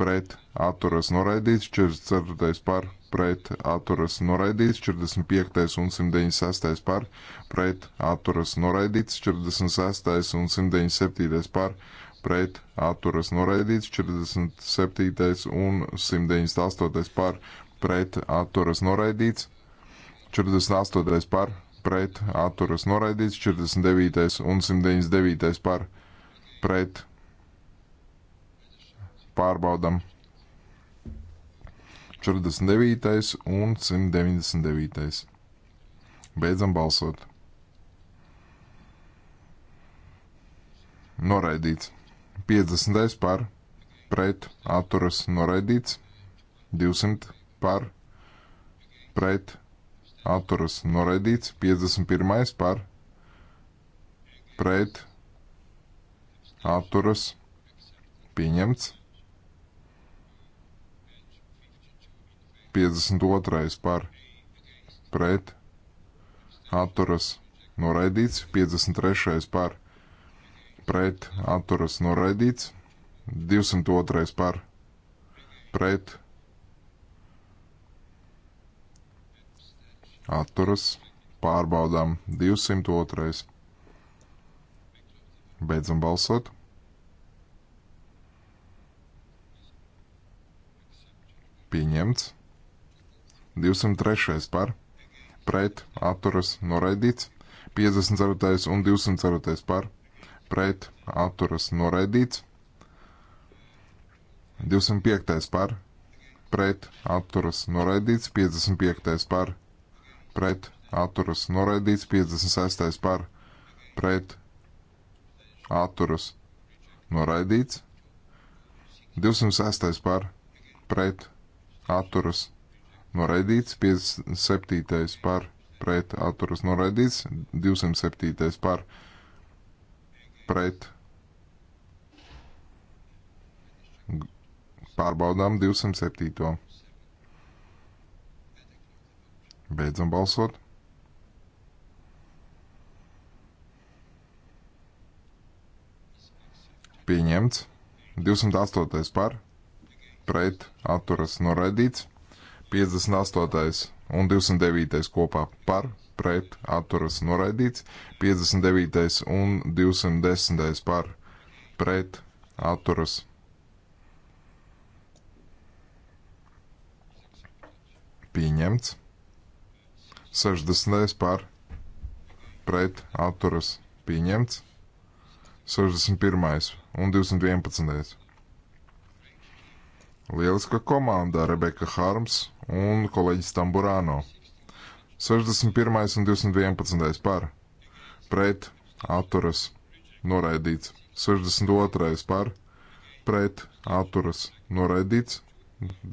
pret atturas noraidīts, 44. par pret atturas noraidīts, 45. un 196. par pret atturas noraidīts, 46. un 197. par pret atturas noraidīts, 47. un 198. par pret atturas noraidīts, 48. par pret atturas noraidīts, 49. un 199. par pret pārbaudam. 49. un 199. Beidzam balsot. Noraidīts. 50. par pret atturas noraidīts. 200 par pret atturas noraidīts, 51. par pret atturas pieņemts, 52. par pret atturas noraidīts, 53. par pret atturas noraidīts, 202. par pret atturas, pārbaudām 202. Beidzam balsot. Pieņemts. 203. par, pret, atturas, noraidīts. 54. un 204. par, pret, atturas, noraidīts. 205. par, pret, atturas, noraidīts. 55. par, pret atturas noraidīts, 56. par pret atturas noraidīts, 206. par pret atturas noraidīts, 57. par pret atturas noraidīts, 207. par pret pārbaudām 207. Beidzam balsot. Pieņemts. 208. par, pret, atturas noraidīts. 58. un 209. kopā par, pret, atturas noraidīts. 59. un 210. par, pret, atturas pieņemts. 60. par pret atturas pieņemts. 61. un 211. Lieliska komanda Rebeka Harms un kolēģis Tamburāno. 61. un 211. par pret atturas noraidīts. 62. par pret atturas noraidīts.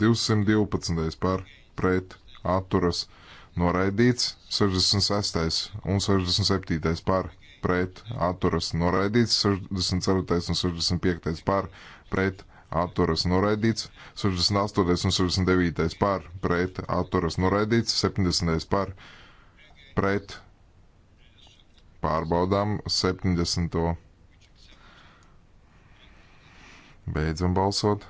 212. par pret atturas noraidīts noraidīts 66. un 67. par pret atturas noraidīts 64. un 65. par pret atturas noraidīts 68. un 69. par pret atturas noraidīts 70. par pret pārbaudām 70. Beidzam balsot.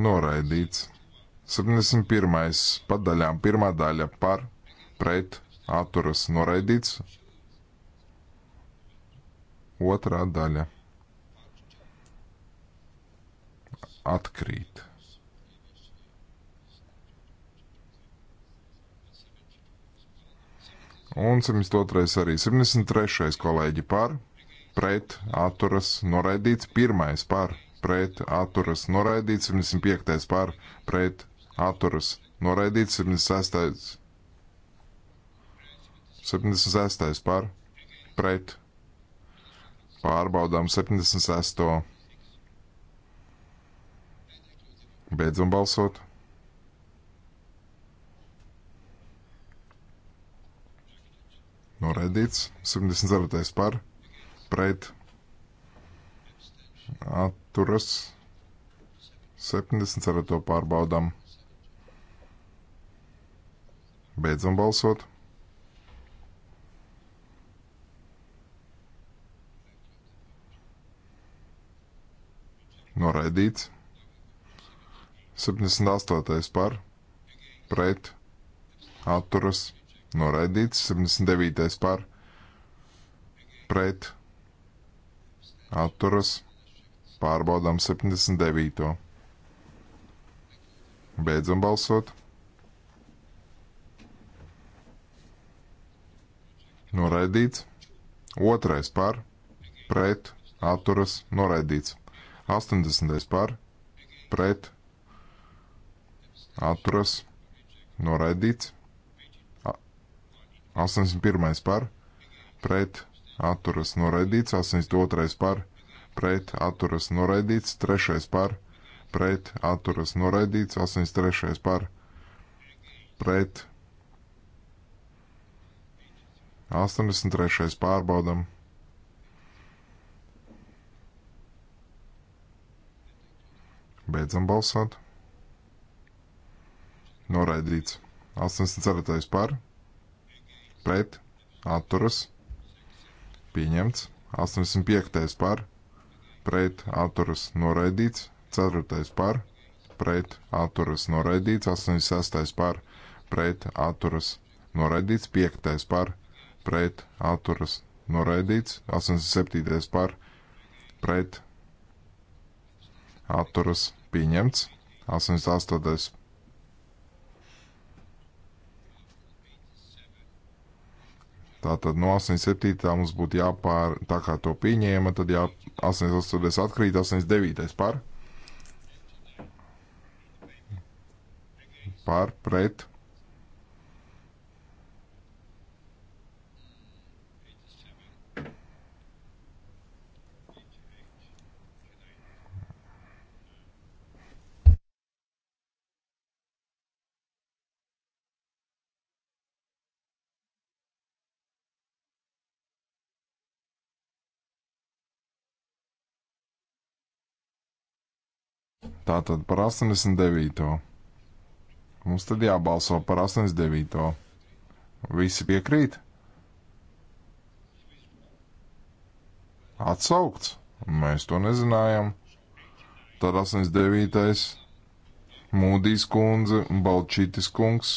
noraidīts. 71. padaļām pirmā daļa par pret atturas noraidīts. Otrā daļa atkrīt. Un 72. arī 73. kolēģi par, pret, atturas, noraidīts, pirmais par, pret atturas noraidīts, 75. par pret atturas noraidīts, 76. 76. par pret pārbaudām 76. Beidzam balsot. Noraidīts 77. par pret atturas 74. pārbaudām. Beidzam balsot. Noraidīts. 78. par, pret, atturas, noraidīts. 79. par, pret, atturas, noraidīts Pārbaudām 79. Beidzam balsot. Noraidīts. Otrais par, pret, atturas, noraidīts. 80. par, pret, atturas, noraidīts. 81. par, pret, atturas, noraidīts. 82. par, pret atturas noraidīts, 3. par pret atturas noraidīts, 83. par pret 83. pārbaudam. Beidzam balsot. Noraidīts. 84. par. Pret. Atturas. Pieņemts. 85. par pret atturas noraidīts, 4. par pret atturas noraidīts, 86. par pret atturas noraidīts, 5. par pret atturas noraidīts, 87. par pret atturas pieņemts, 88. Tātad no 87. mums būtu jāpār, tā kā to pieņēma, tad jā, 88. atkrīt, 89. par. Par, pret, Tātad par 89. Mums tad jābalso par 89. Visi piekrīt? Atsaukts? Mēs to nezinājām. Tad 89. Mūdīs kundze un Balčītis kungs.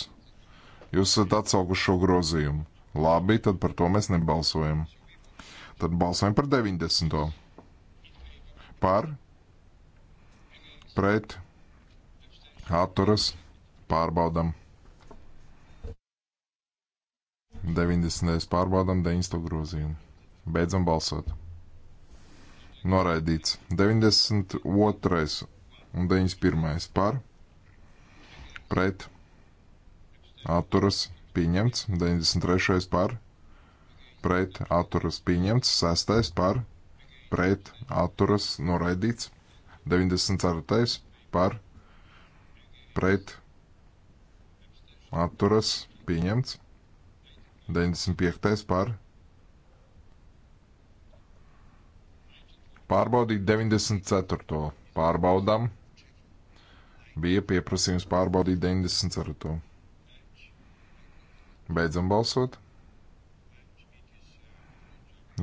Jūs esat atsaukuši šo grozījumu. Labi, tad par to mēs nebalsojam. Tad balsojam par 90. Par pret, atturas, pārbaudam. 90. pārbaudam 90. grozījumu. Beidzam balsot. Noraidīts 92. un 91. par, pret, atturas, pieņemts, 93. par, pret, atturas, pieņemts, 6. par, pret, atturas, noraidīts, 94. par pret atturas pieņemts. 95. par pārbaudīt 94. pārbaudām. Bija pieprasījums pārbaudīt 94. Beidzam balsot.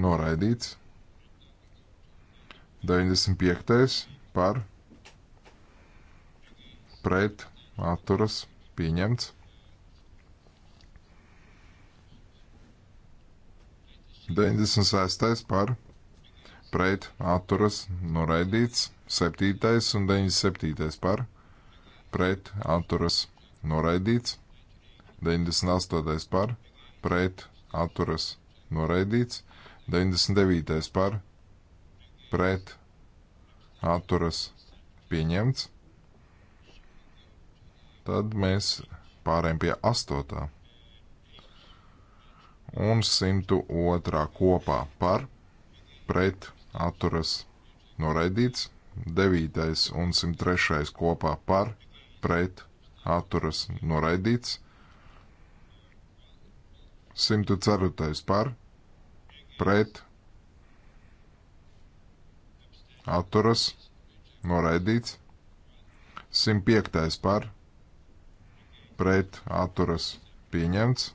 Noraidīts. 95 par pret atturas pieņemts. Deviņdesmit sestais par pret atturas noraidīts. Septītais un deviņdesmit septītais par pret atturas noraidīts. 98. par pret atturas noraidīts. 99. par pret atturas pieņemts. Tad mēs pārējām pie 8. un 102. kopā par pret atturas noraidīts, 9. un 103. kopā par pret atturas noraidīts, 104. par pret atturas, noraidīts. 105. par, pret, atturas, pieņemts.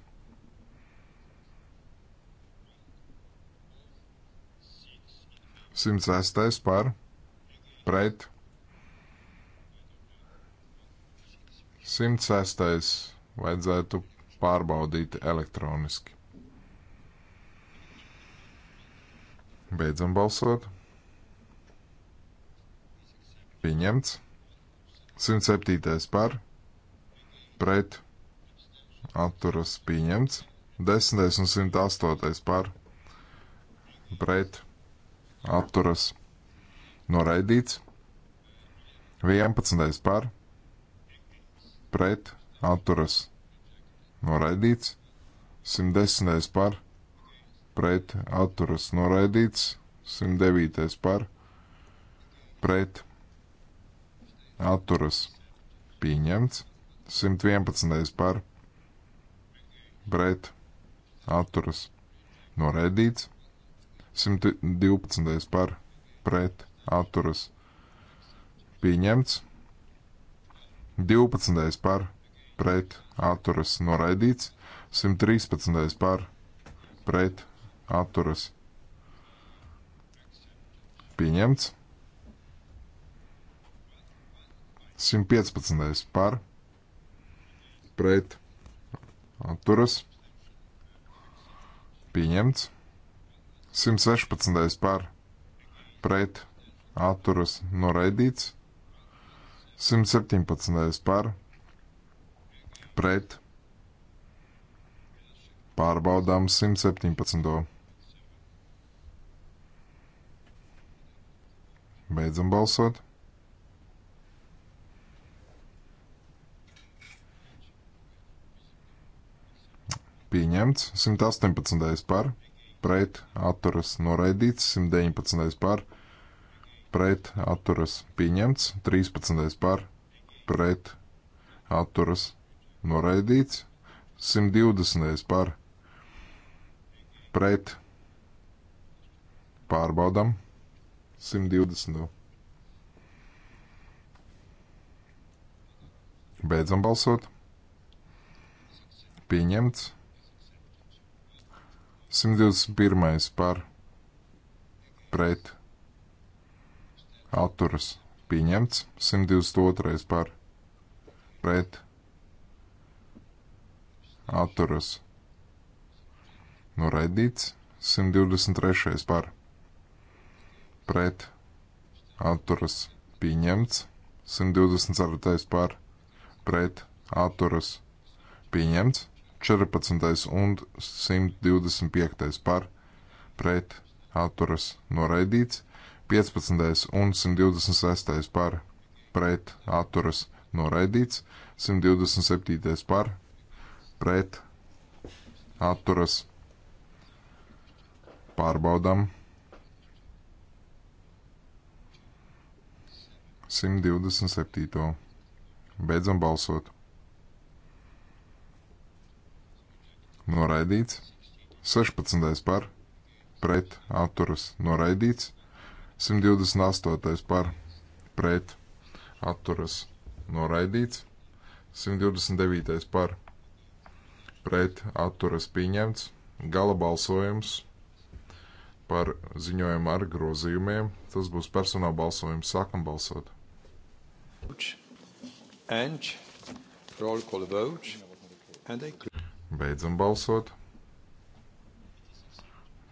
Simts sestais par, pret, simts sestais vajadzētu pārbaudīt elektroniski. Beidzam balsot pieņemts. 107. par pret atturas pieņemts. 10. un 108. par pret atturas noraidīts. 11. par pret atturas noraidīts. 110. par pret atturas noraidīts. 109. par pret atturas pieņemts. 111. par pret atturas noraidīts. 112. par pret atturas pieņemts. 12. par pret atturas noraidīts. 113. par pret atturas pieņemts. 115. par pret atturas pieņemts. 116. par pret atturas noraidīts. 117. par pret pārbaudām 117. Beidzam balsot. pieņemts, 118. par, pret atturas noraidīts, 119. par, pret atturas pieņemts, 13. par, pret atturas noraidīts, 120. par, pret pārbaudam, 120. Beidzam balsot. Pieņemts. 121. par pret atturas pieņemts, 122. par pret atturas noraidīts, 123. par pret atturas pieņemts, 124. par pret atturas pieņemts. 14. un 125. par pret atturas noraidīts, 15. un 126. par pret atturas noraidīts, 127. par pret atturas pārbaudām 127. Beidzam balsot. noraidīts, 16. par pret atturas noraidīts, 128. par pret atturas noraidīts, 129. par pret atturas pieņemts, gala balsojums par ziņojumu ar grozījumiem. Tas būs personāla balsojums. Sākam balsot. And roll call vote. And I Beidzam balsot.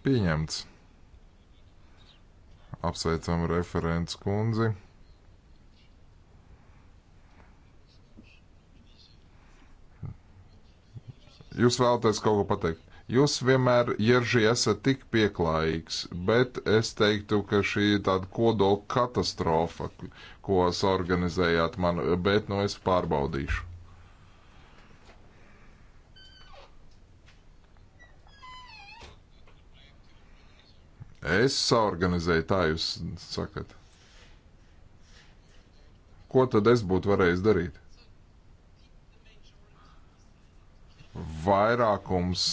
Pieņemts. Apsveicam referents kundzi. Jūs vēlaties kaut ko pateikt? Jūs vienmēr, Jerži, esat tik pieklājīgs, bet es teiktu, ka šī ir tāda kodola katastrofa, ko organizējāt man, bet nu es pārbaudīšu. Es saorganizēju, tā jūs sakat. Ko tad es būtu varējis darīt? Vairākums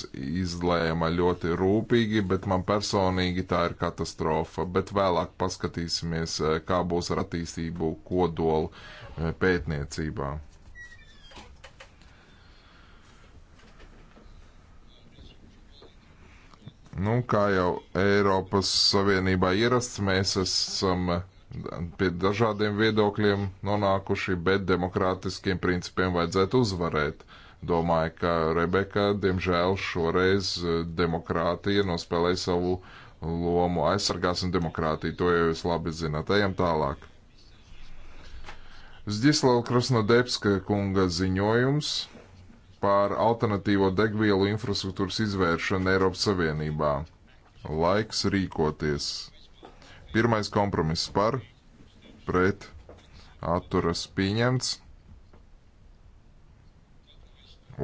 izlēma ļoti rūpīgi, bet man personīgi tā ir katastrofa. Bet vēlāk paskatīsimies, eh, kā būs ar attīstību kodolu eh, pētniecībā. Nu, kā jau Eiropas Savienībā ierasts, mēs esam pie dažādiem viedokļiem nonākuši, bet demokrātiskiem principiem vajadzētu uzvarēt. Domāju, ka Rebeka, diemžēl, šoreiz eh, demokrātija nospēlēja savu lomu. Aizsargāsim demokrātiju, to jau jūs labi zināt. Ejam tālāk. Zdislava Krasnodebska kunga ziņojums par alternatīvo degvielu infrastruktūras izvēršanu Eiropas Savienībā. Laiks rīkoties. Pirmais kompromiss par, pret, atturas pieņemts.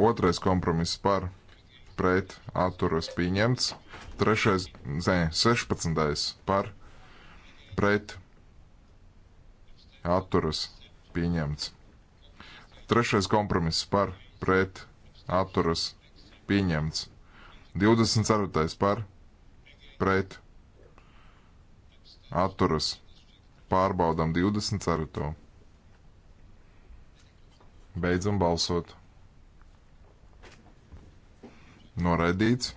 Otrais kompromiss par, pret, atturas pieņemts. Trešais, zē, 16. par, pret, atturas pieņemts. Trešais kompromiss par, pret, atturas pieņemts. 24. par pret atturas pārbaudam 24. Beidzam balsot. Noraidīts.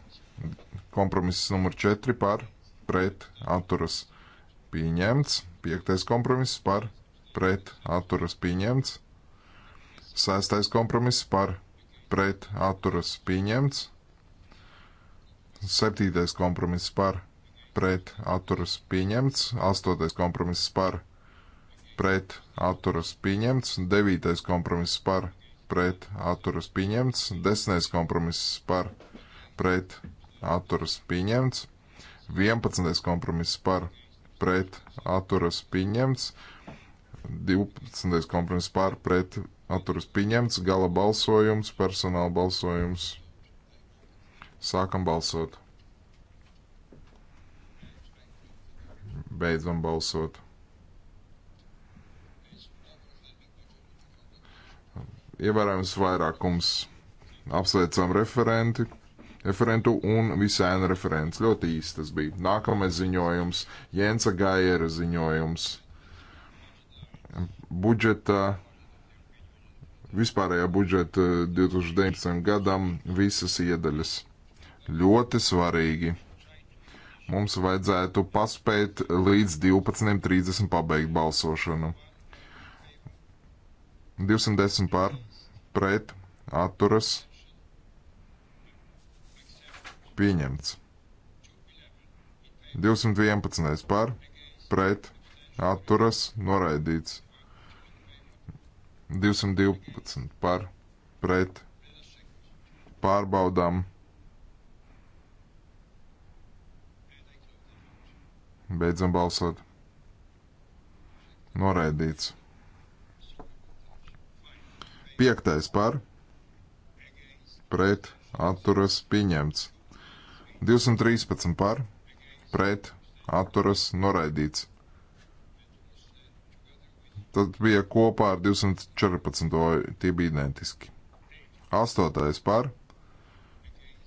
Kompromiss numur 4 par pret atturas pieņemts. 5. kompromiss par pret atturas pieņemts. 6. kompromiss par pret pret atturas pieņemts. Septītais kompromiss par pret atturas pieņemts. Astotais kompromiss par pret atturas pieņemts. Devītais kompromiss par pret atturas pieņemts. Desmitais kompromiss par pret atturas pieņemts. Vienpadsmitais kompromiss par pret atturas pieņemts. 12. kompromiss par pret atturas pieņemts, gala balsojums, personāla balsojums. Sākam balsot. Beidzam balsot. Ievērojams vairākums. Apsveicam referenti, referentu un visēnu referents. Ļoti īsti tas bija. Nākamais ziņojums, Jēnsa Gaiera ziņojums. Budžeta vispārējā budžeta 2019. Eh, gadam visas iedaļas. Ļoti svarīgi. Mums vajadzētu paspēt līdz 12.30 pabeigt balsošanu. 210 pār, pret, atturas, pieņemts. 211 pār, pret, atturas, noraidīts. 212 par pret pārbaudām. Beidzam balsot. Noraidīts. Piektais par pret atturas pieņemts. 213 par pret atturas noraidīts. Tad bija kopā ar 214. tie bija identiski. Astotais par,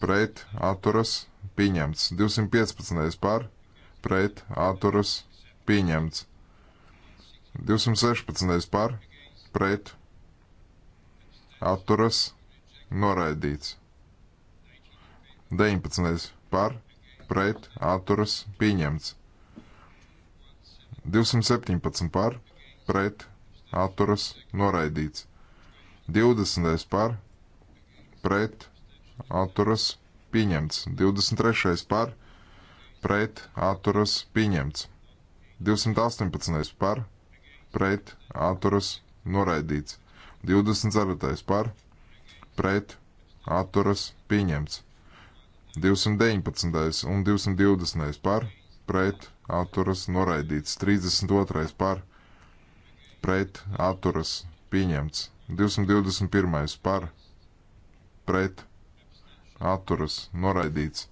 pret, atturas, pieņemts. 215. par, pret, atturas, pieņemts. 216. par, pret, atturas, noraidīts. 19. par, pret, atturas, pieņemts. 217 par, pret atturas noraidīts. 20. par pret atturas pieņemts. 23. par pret atturas pieņemts. 218. par pret atturas noraidīts. 24. par pret atturas pieņemts. 219. un 220. par pret atturas noraidīts. 32. par pret pret atturas pieņemts. 221. par pret atturas noraidīts.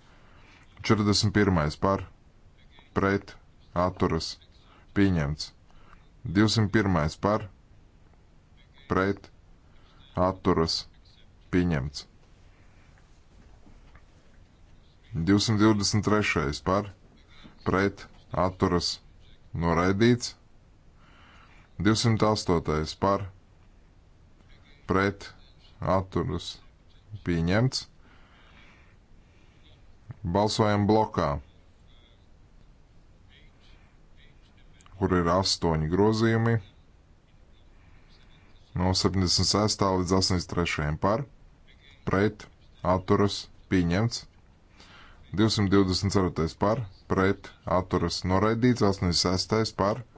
41. par pret atturas pieņemts. 201. par pret atturas pieņemts. 223. par pret atturas noraidīts. 208. par pret atturas pieņemts. Balsojam blokā, kur ir astoņi grozījumi no 76. līdz 83. par pret atturas pieņemts. 224. par pret atturas noraidīts, 86. par pret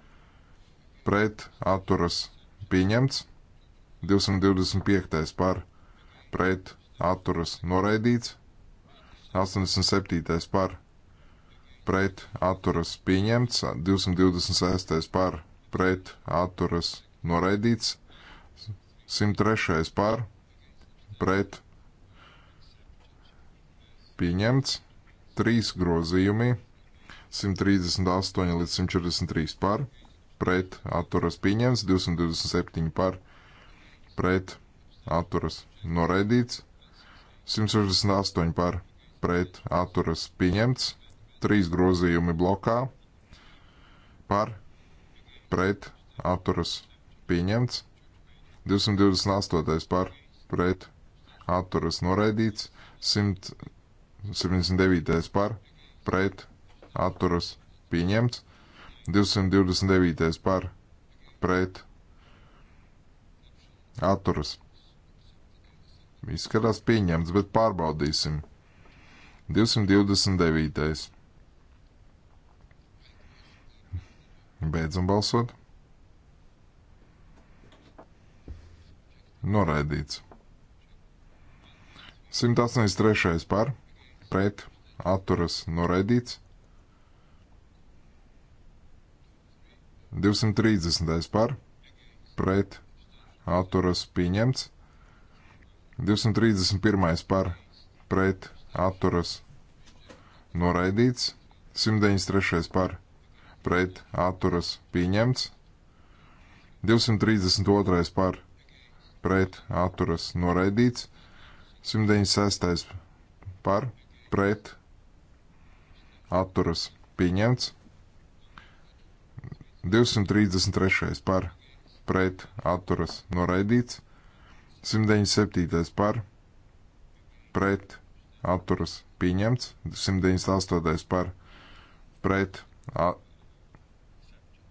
pret atturas pieņemts, 225. par pret atturas noraidīts, 87. par pret atturas pieņemts, 226. par pret atturas noraidīts, 103. par pret pieņemts, 3 grozījumi 138 līdz 143 par pret atturas pieņemts, 227 par pret atturas noraidīts, 168 par pret atturas pieņemts, 3 grozījumi blokā par pret atturas pieņemts, 228 par pret atturas noraidīts, 179 par pret atturas pieņemts, 229. par pret atturas. Izskatās pieņemts, bet pārbaudīsim. 229. Beidzam balsot. Noraidīts. 183. par pret atturas noraidīts. 230. par pret atturas pieņemts. 231. par pret atturas noraidīts. 193. par pret atturas pieņemts. 232. par pret atturas noraidīts. 196. par pret atturas pieņemts. 233. par pret atturas noraidīts. 197. par pret atturas pieņemts. 198. par pret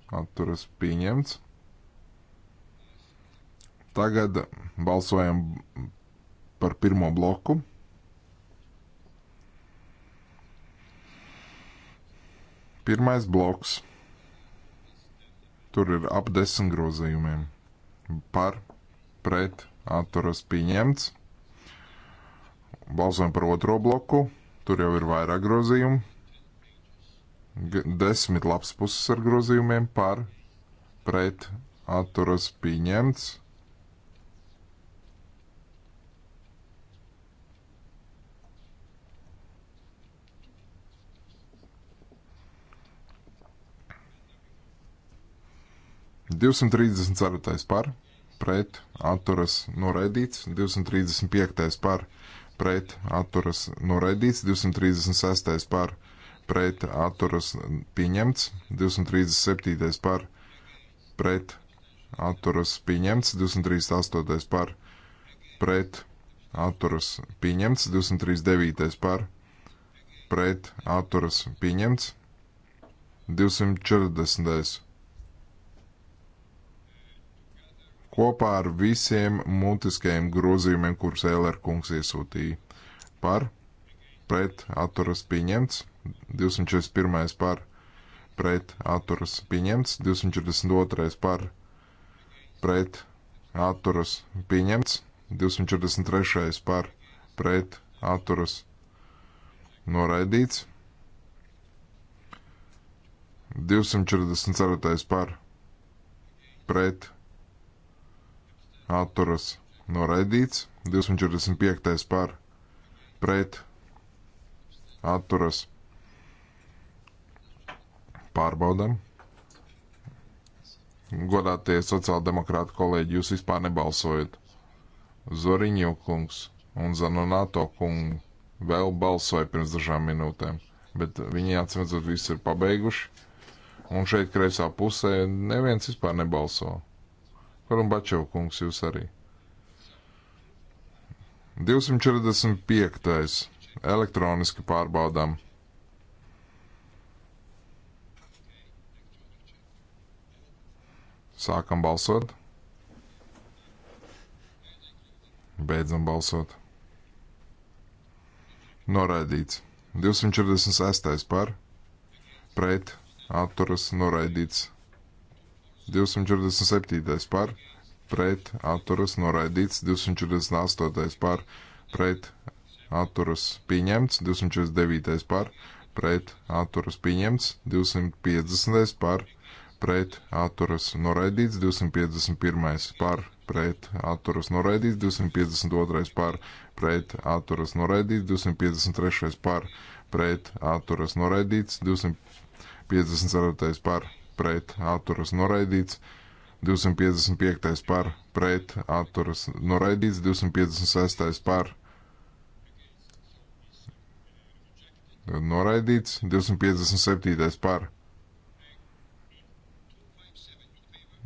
atturas pieņemts. Tagad balsojam par pirmo bloku. Pirmais bloks. Tur ir ap desmit grozījumiem. Par, pret, atturas pieņemts. Balsojam par otro bloku. Tur jau ir vairāk grozījumu. Desmit lapas puses ar grozījumiem par, pret, atturas pieņemts 234. par, pret, atturas, noraidīts. 235. par, pret, atturas, noraidīts. 236. par, pret, atturas, pieņemts. 237. par, pret, atturas, pieņemts. 238. par, pret, atturas, pieņemts. 239. par, pret, atturas, pieņemts. 240. kopā ar visiem mutiskajiem grozījumiem, kurus Ēlera kungs iesūtīja. Par, pret, atturas pieņemts, 241. par, pret, atturas pieņemts, 242. par, pret, atturas pieņemts, 243. par, pret, atturas noraidīts, 244. par, pret, atturas noraidīts, 245. par pret atturas pārbaudam. Godātie sociāldemokrāta kolēģi, jūs vispār nebalsojat. Zoriņo kungs un Zanonato kungu vēl balsoja pirms dažām minūtēm, bet viņi atsimedzot visu ir pabeiguši. Un šeit kreisā pusē neviens vispār nebalsoja. Karumbačev kungs, jūs arī. 245. Elektroniski pārbaudām. Sākam balsot. Beidzam balsot. Noraidīts. 246. par. Pret. Atturas. Noraidīts. 247. par pret atturas noraidīts, 248. par pret atturas pieņemts, 249. par pret atturas pieņemts, 250. par pret atturas noraidīts, 251. par pret atturas noraidīts, 252. par pret atturas noraidīts, 253. par pret atturas noraidīts, 254. par pret atturas noraidīts, 255. par pret atturas noraidīts, 256. par noraidīts, 257. par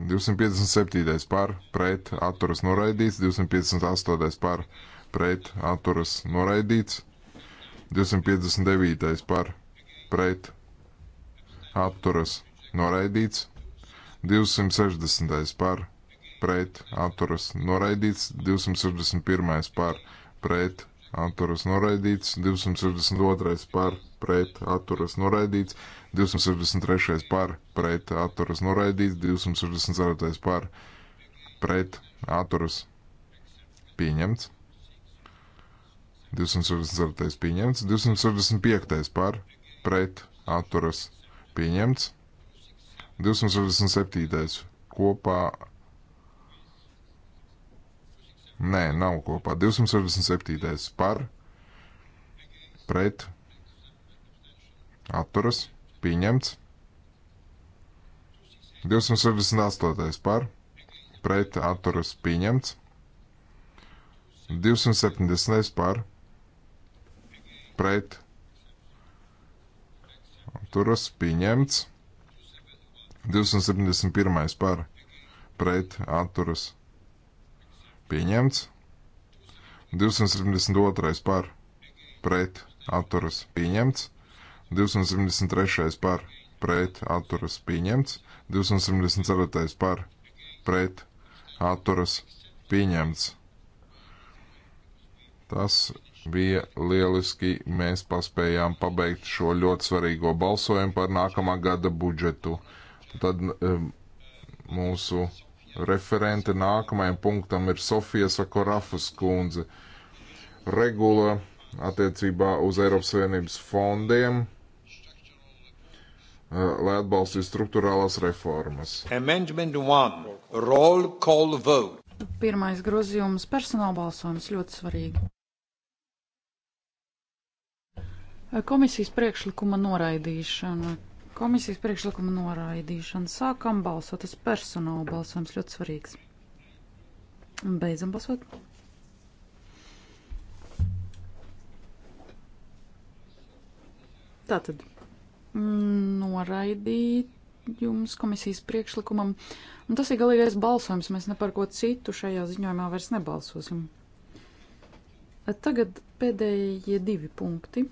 257. par pret atturas noraidīts, 258. par pret atturas noraidīts, 259. par pret atturas noraidīts, 260. par pret atturas noraidīts, 261. par pret atturas noraidīts, 262. par pret atturas noraidīts, 263. par pret atturas noraidīts, 264. par pret atturas pieņemts. 264. pieņemts, 265. par pret atturas pieņemts, 267. kopā. Nē, nav kopā. 267. par, pret, atturas, pieņemts. 268. par, pret, atturas, pieņemts. 270. par, pret, atturas, pieņemts. 271. par pret atturas pieņemts. 272. par pret atturas pieņemts. 273. par pret atturas pieņemts. 274. par pret atturas pieņemts. Tas bija lieliski. Mēs paspējām pabeigt šo ļoti svarīgo balsojumu par nākamā gada budžetu. Tad mūsu referente nākamajam punktam ir Sofija Sakorafas kundze. Regula attiecībā uz Eiropas Savienības fondiem, eh, lai atbalstītu struktūrālās reformas. Pirmais grozījums - personāla balsojums ļoti svarīgi. Komisijas priekšlikuma noraidīšana. Komisijas priekšlikuma noraidīšana. Sākam balsot. Tas personāla balsojums ļoti svarīgs. Un beidzam balsot. Tātad noraidījums komisijas priekšlikumam. Un tas ir galīgais balsojums. Mēs ne par ko citu šajā ziņojumā vairs nebalsosim. Tagad pēdējie divi punkti.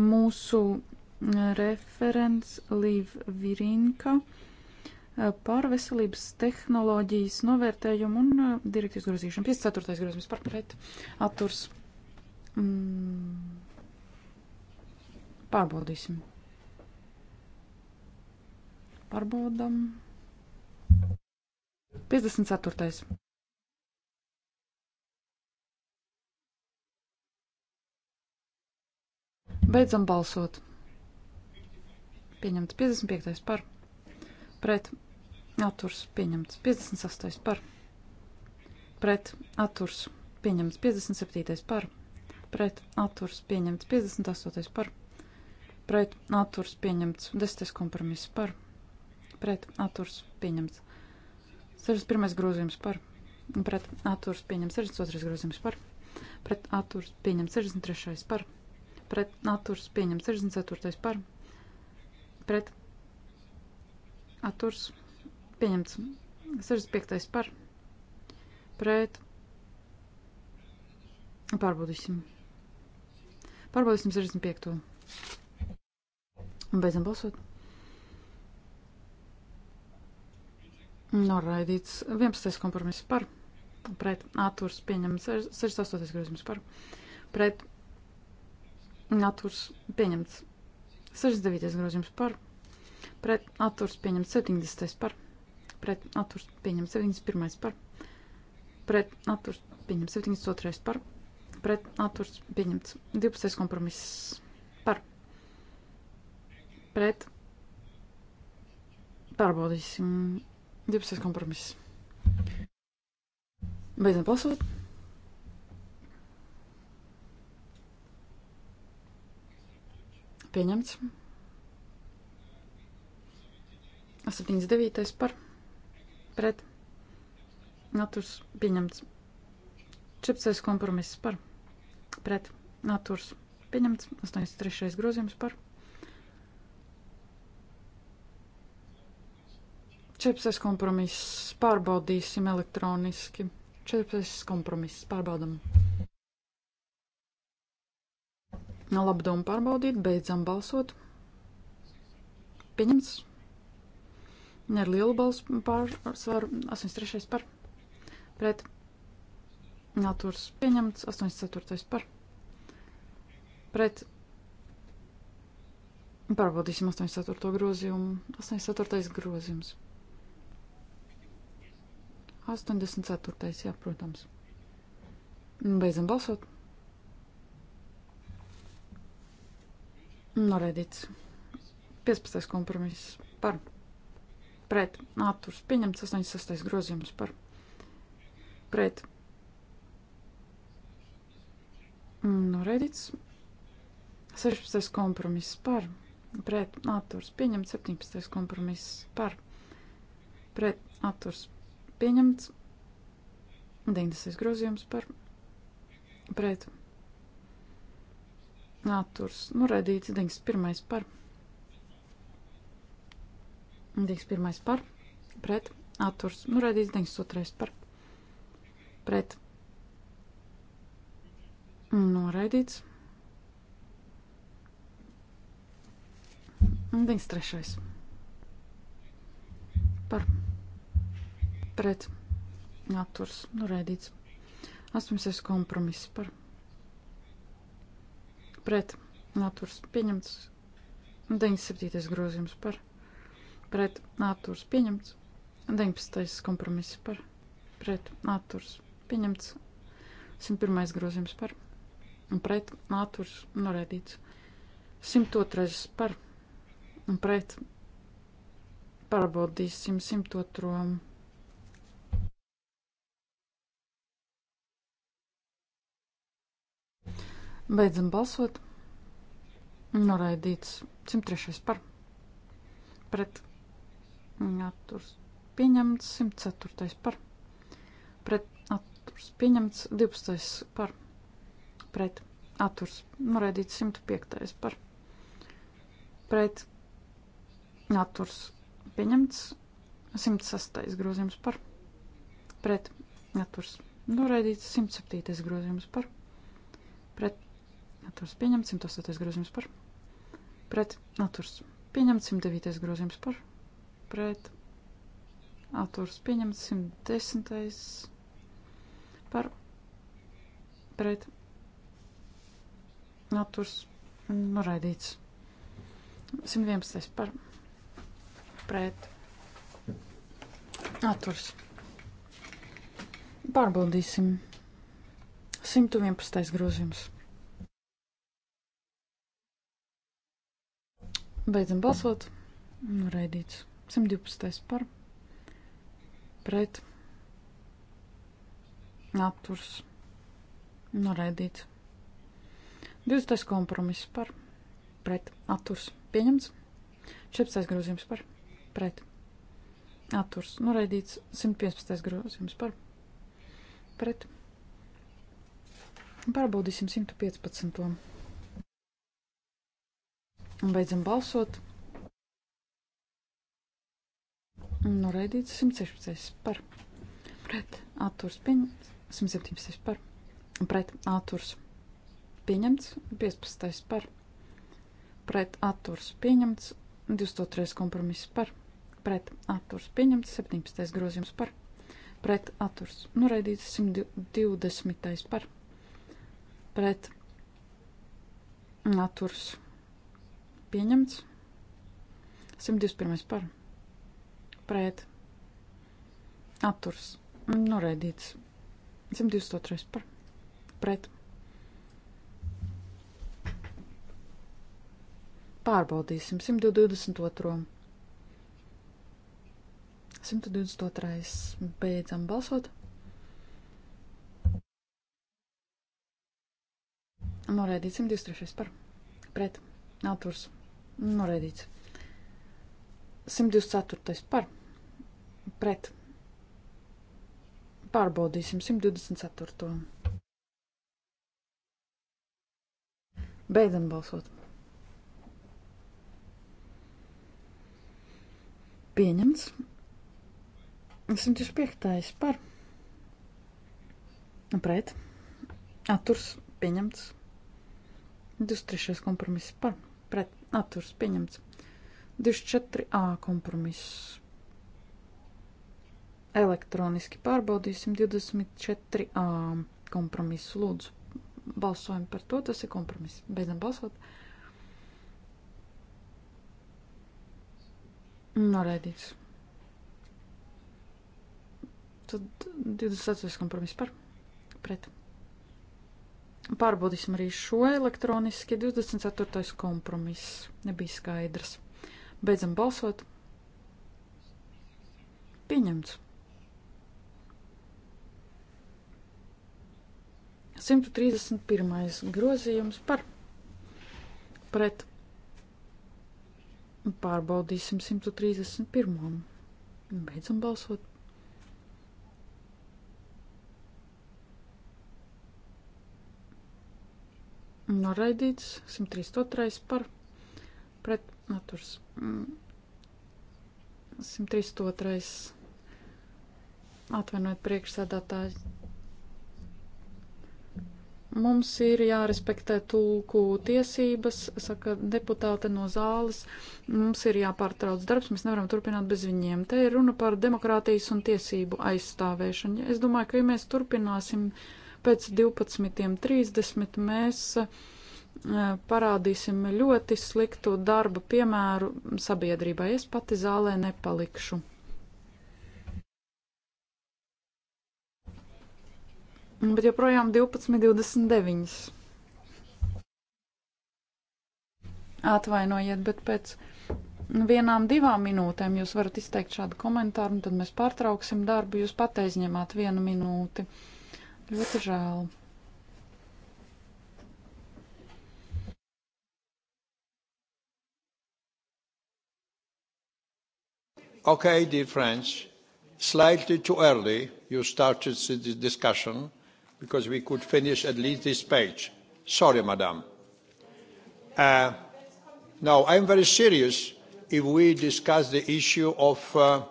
Mūsu mm, referents Līv Virinka eh, par veselības tehnoloģijas novērtējumu un eh, direktīvas grozīšanu. 54. grozījums par pret atturs. Mm. Pārbaudīsim. Pārbaudam. 54. Beidzam balsot. Pieņemts 55. par. Pret. Atturs. Pieņemts 58. par. Pret. Atturs. Pieņemts 57. par. Pret. Atturs. Pieņemts 58. par. Pret. Atturs. Pieņemts 10. kompromiss par. Pret. Atturs. Pieņemts 61. grozījums par. Pret. Atturs. Pieņemts 62. grozījums par. Pret. Atturs. Pieņemts 63. par. Pret, atturs, pieņemts, 63. par pret atturs pieņemts 64. par pret atturs pieņemts 65. par pret pārbaudīsim. Pārbaudīsim 65. Un beidzam balsot. Noraidīts 11. kompromiss par pret atturs pieņemts 68. grozījums par pret Atturs pieņemts. 69. grozījums par. Pret atturs pieņemts 70. par. Pret atturs pieņemts 71. par. Pret atturs pieņemts 72. par. Pret atturs pieņemts 12. kompromiss par. Pret pārbaudīsim 12. kompromiss. Beidzam balsot. Pieņemts. 79. par pret naturs pieņemts. 14. kompromiss par pret naturs pieņemts. 83. grozījums par 14. kompromiss pārbaudīsim elektroniski. 14. kompromiss pārbaudam. Labdomu pārbaudīt, beidzam balsot. Pieņemts. Ar lielu balsu pārsvaru 83. par. Pret. Naturs pieņemts 84. par. Pret. Pārbaudīsim 84. grozījumu. 84. grozījums. 84. jā, protams. Beidzam balsot. Noraidīts. 15. kompromiss par pret atturs pieņemts 86. grozījums par pret noraidīts 16. kompromiss par pret atturs pieņemts 17. kompromiss par pret atturs pieņemts 90. grozījums par pret atturs Atturs. Nu, nu, Noraidīts. 91. par. 91. par. Pret. Atturs. Noraidīts. 92. par. Pret. Noraidīts. 93. par. Pret. Atturs. Noraidīts. 18. kompromiss par pret naturs pieņemts 97. grozījums par pret naturs pieņemts 19. kompromiss par pret naturs pieņemts 101. grozījums par un pret naturs norēdīts 102. par un pret parabaudīsim 102. Beidzam balsot. Noraidīts 103. par. Pret. Atturs pieņemts 104. par. Pret. Atturs pieņemts 12. par. Pret. Atturs noraidīts 105. par. Pret. Atturs pieņemts 106. grozījums par. Pret. Atturs noraidīts 107. grozījums par. Pret Atturs pieņemts 108. grozījums par pret atturs. Pieņemts 109. grozījums par pret atturs. Pieņemts 110. par pret atturs. Noraidīts. 111. par pret atturs. Pārbaudīsim. 111. grozījums. Beidzam balsot. Noraidīts. 112. par. Pret. Atturs. Noraidīts. 20. kompromiss par. Pret. Atturs. Pieņemts. 14. grozījums par. Pret. Atturs. Noraidīts. 115. grozījums par. Pret. Pārbaudīsim 115. Beidzam balsot. Noraidīts 116 par. Pret atturs pieņemts 176 par. Pret atturs pieņemts 15 par. Pret atturs pieņemts 203 kompromiss par. Pret atturs pieņemts 17 grozījums par. Pret atturs noraidīts 120 par. Pret atturs pieņemts Pieņemts. 121. par. Pret. Atturs. Noraidīts. 122. par. Pret. Pārbaudīsim 122. 122. Beidzam balsot. Noraidīt 123. par. Pret. Alturs. Noraidīts. 124. par. Pret. Pārbaudīsim 124. Beidzam balsot. Pieņemts. 125. par. Pret. Atturs pieņemts. 23. kompromiss par. Pret Atturs pieņemts. 24a kompromiss. Elektroniski pārbaudīsim 24a kompromisu. Lūdzu, balsojam par to. Tas ir kompromiss. Beidzam balsot. Noraidīts. Tad 28. kompromiss par pret. Pārbaudīsim arī šo elektroniski. 24. kompromiss nebija skaidrs. Beidzam balsot. Pieņemts. 131. grozījums par pret. Pārbaudīsim 131. Beidzam balsot. noraidīts 132 par pret naturs. 132. Mm. Atvainojiet priekšsēdātāji. Mums ir jārespektē tulku tiesības, saka deputāte no zāles. Mums ir jāpārtrauc darbs, mēs nevaram turpināt bez viņiem. Te ir runa par demokrātijas un tiesību aizstāvēšanu. Es domāju, ka ja mēs turpināsim uh, Pēc 12.30 mēs eh, parādīsim ļoti sliktu darba piemēru sabiedrībai. Es pati zālē nepalikšu. Bet joprojām 12.29. Atvainojiet, bet pēc vienām, divām minūtēm jūs varat izteikt šādu komentāru, un tad mēs pārtrauksim darbu. Jūs pat aizņemāt vienu minūti. Ļoti žēl. Okay, dear friends, slightly too early you started this discussion because we could finish at least this page. Sorry, madam. Uh, no, I'm very serious if we discuss the issue of uh,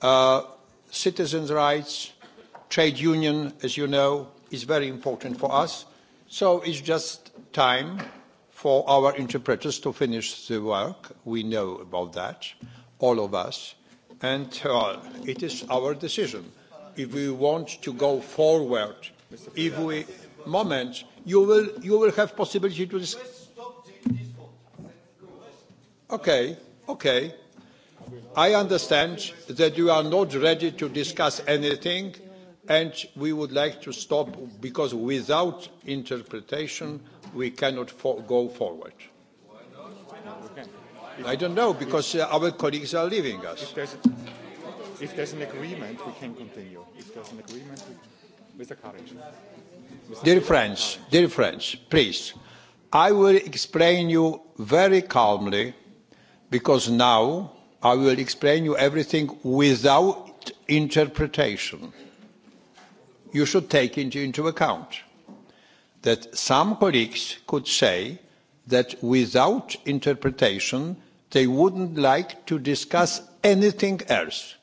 uh, citizens' rights, Trade union, as you know, is very important for us. So it's just time for our interpreters to finish the work. We know about that, all of us. And uh, it is our decision. If we want to go forward, if we... Moment, you will, you will have possibility to... Dis- okay, okay. I understand that you are not ready to discuss anything and we would like to stop because without interpretation we cannot for go forward. I don't know because uh, our colleagues are leaving us. If there's, a, if there's an agreement, we can continue. If there's an agreement, we, Mr. Courage. Mr. Dear friends, dear friends, please, I will explain you very calmly because now I will explain you everything without interpretation you should take into, into account that some colleagues could say that without interpretation they wouldn't like to discuss anything else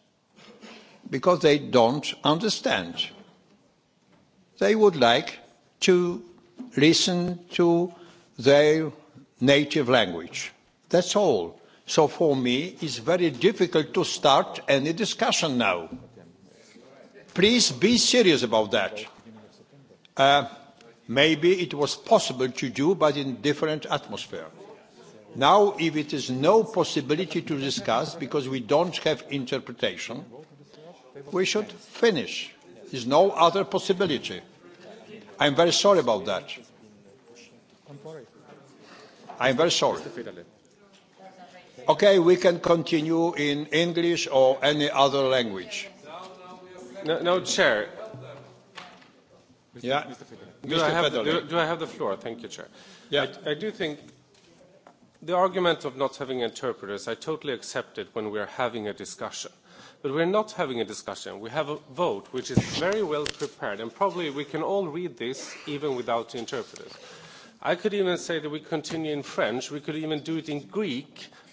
because they don't understand. They would like to listen to their native language. That's all. So for me, it's very difficult to start any discussion now Please be serious about that. Uh, maybe it was possible to do, but in different atmosphere. Now, if it is no possibility to discuss because we don't have interpretation, we should finish. There's no other possibility. I'm very sorry about that. I'm very sorry. Okay, we can continue in English or any other language. No, no Chair. Mr. Yeah. Mr. Federer. Do, Mr. I have, do, do I have the floor? Thank you, Chair. Yeah. I, I do think the argument of not having interpreters, I totally accept it when we're having a discussion. But we're not having a discussion. We have a vote which is very well prepared, and probably we can all read this even without interpreters. I could even say that we continue in French. We could even do it in Greek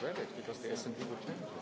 credit because the S&P would change.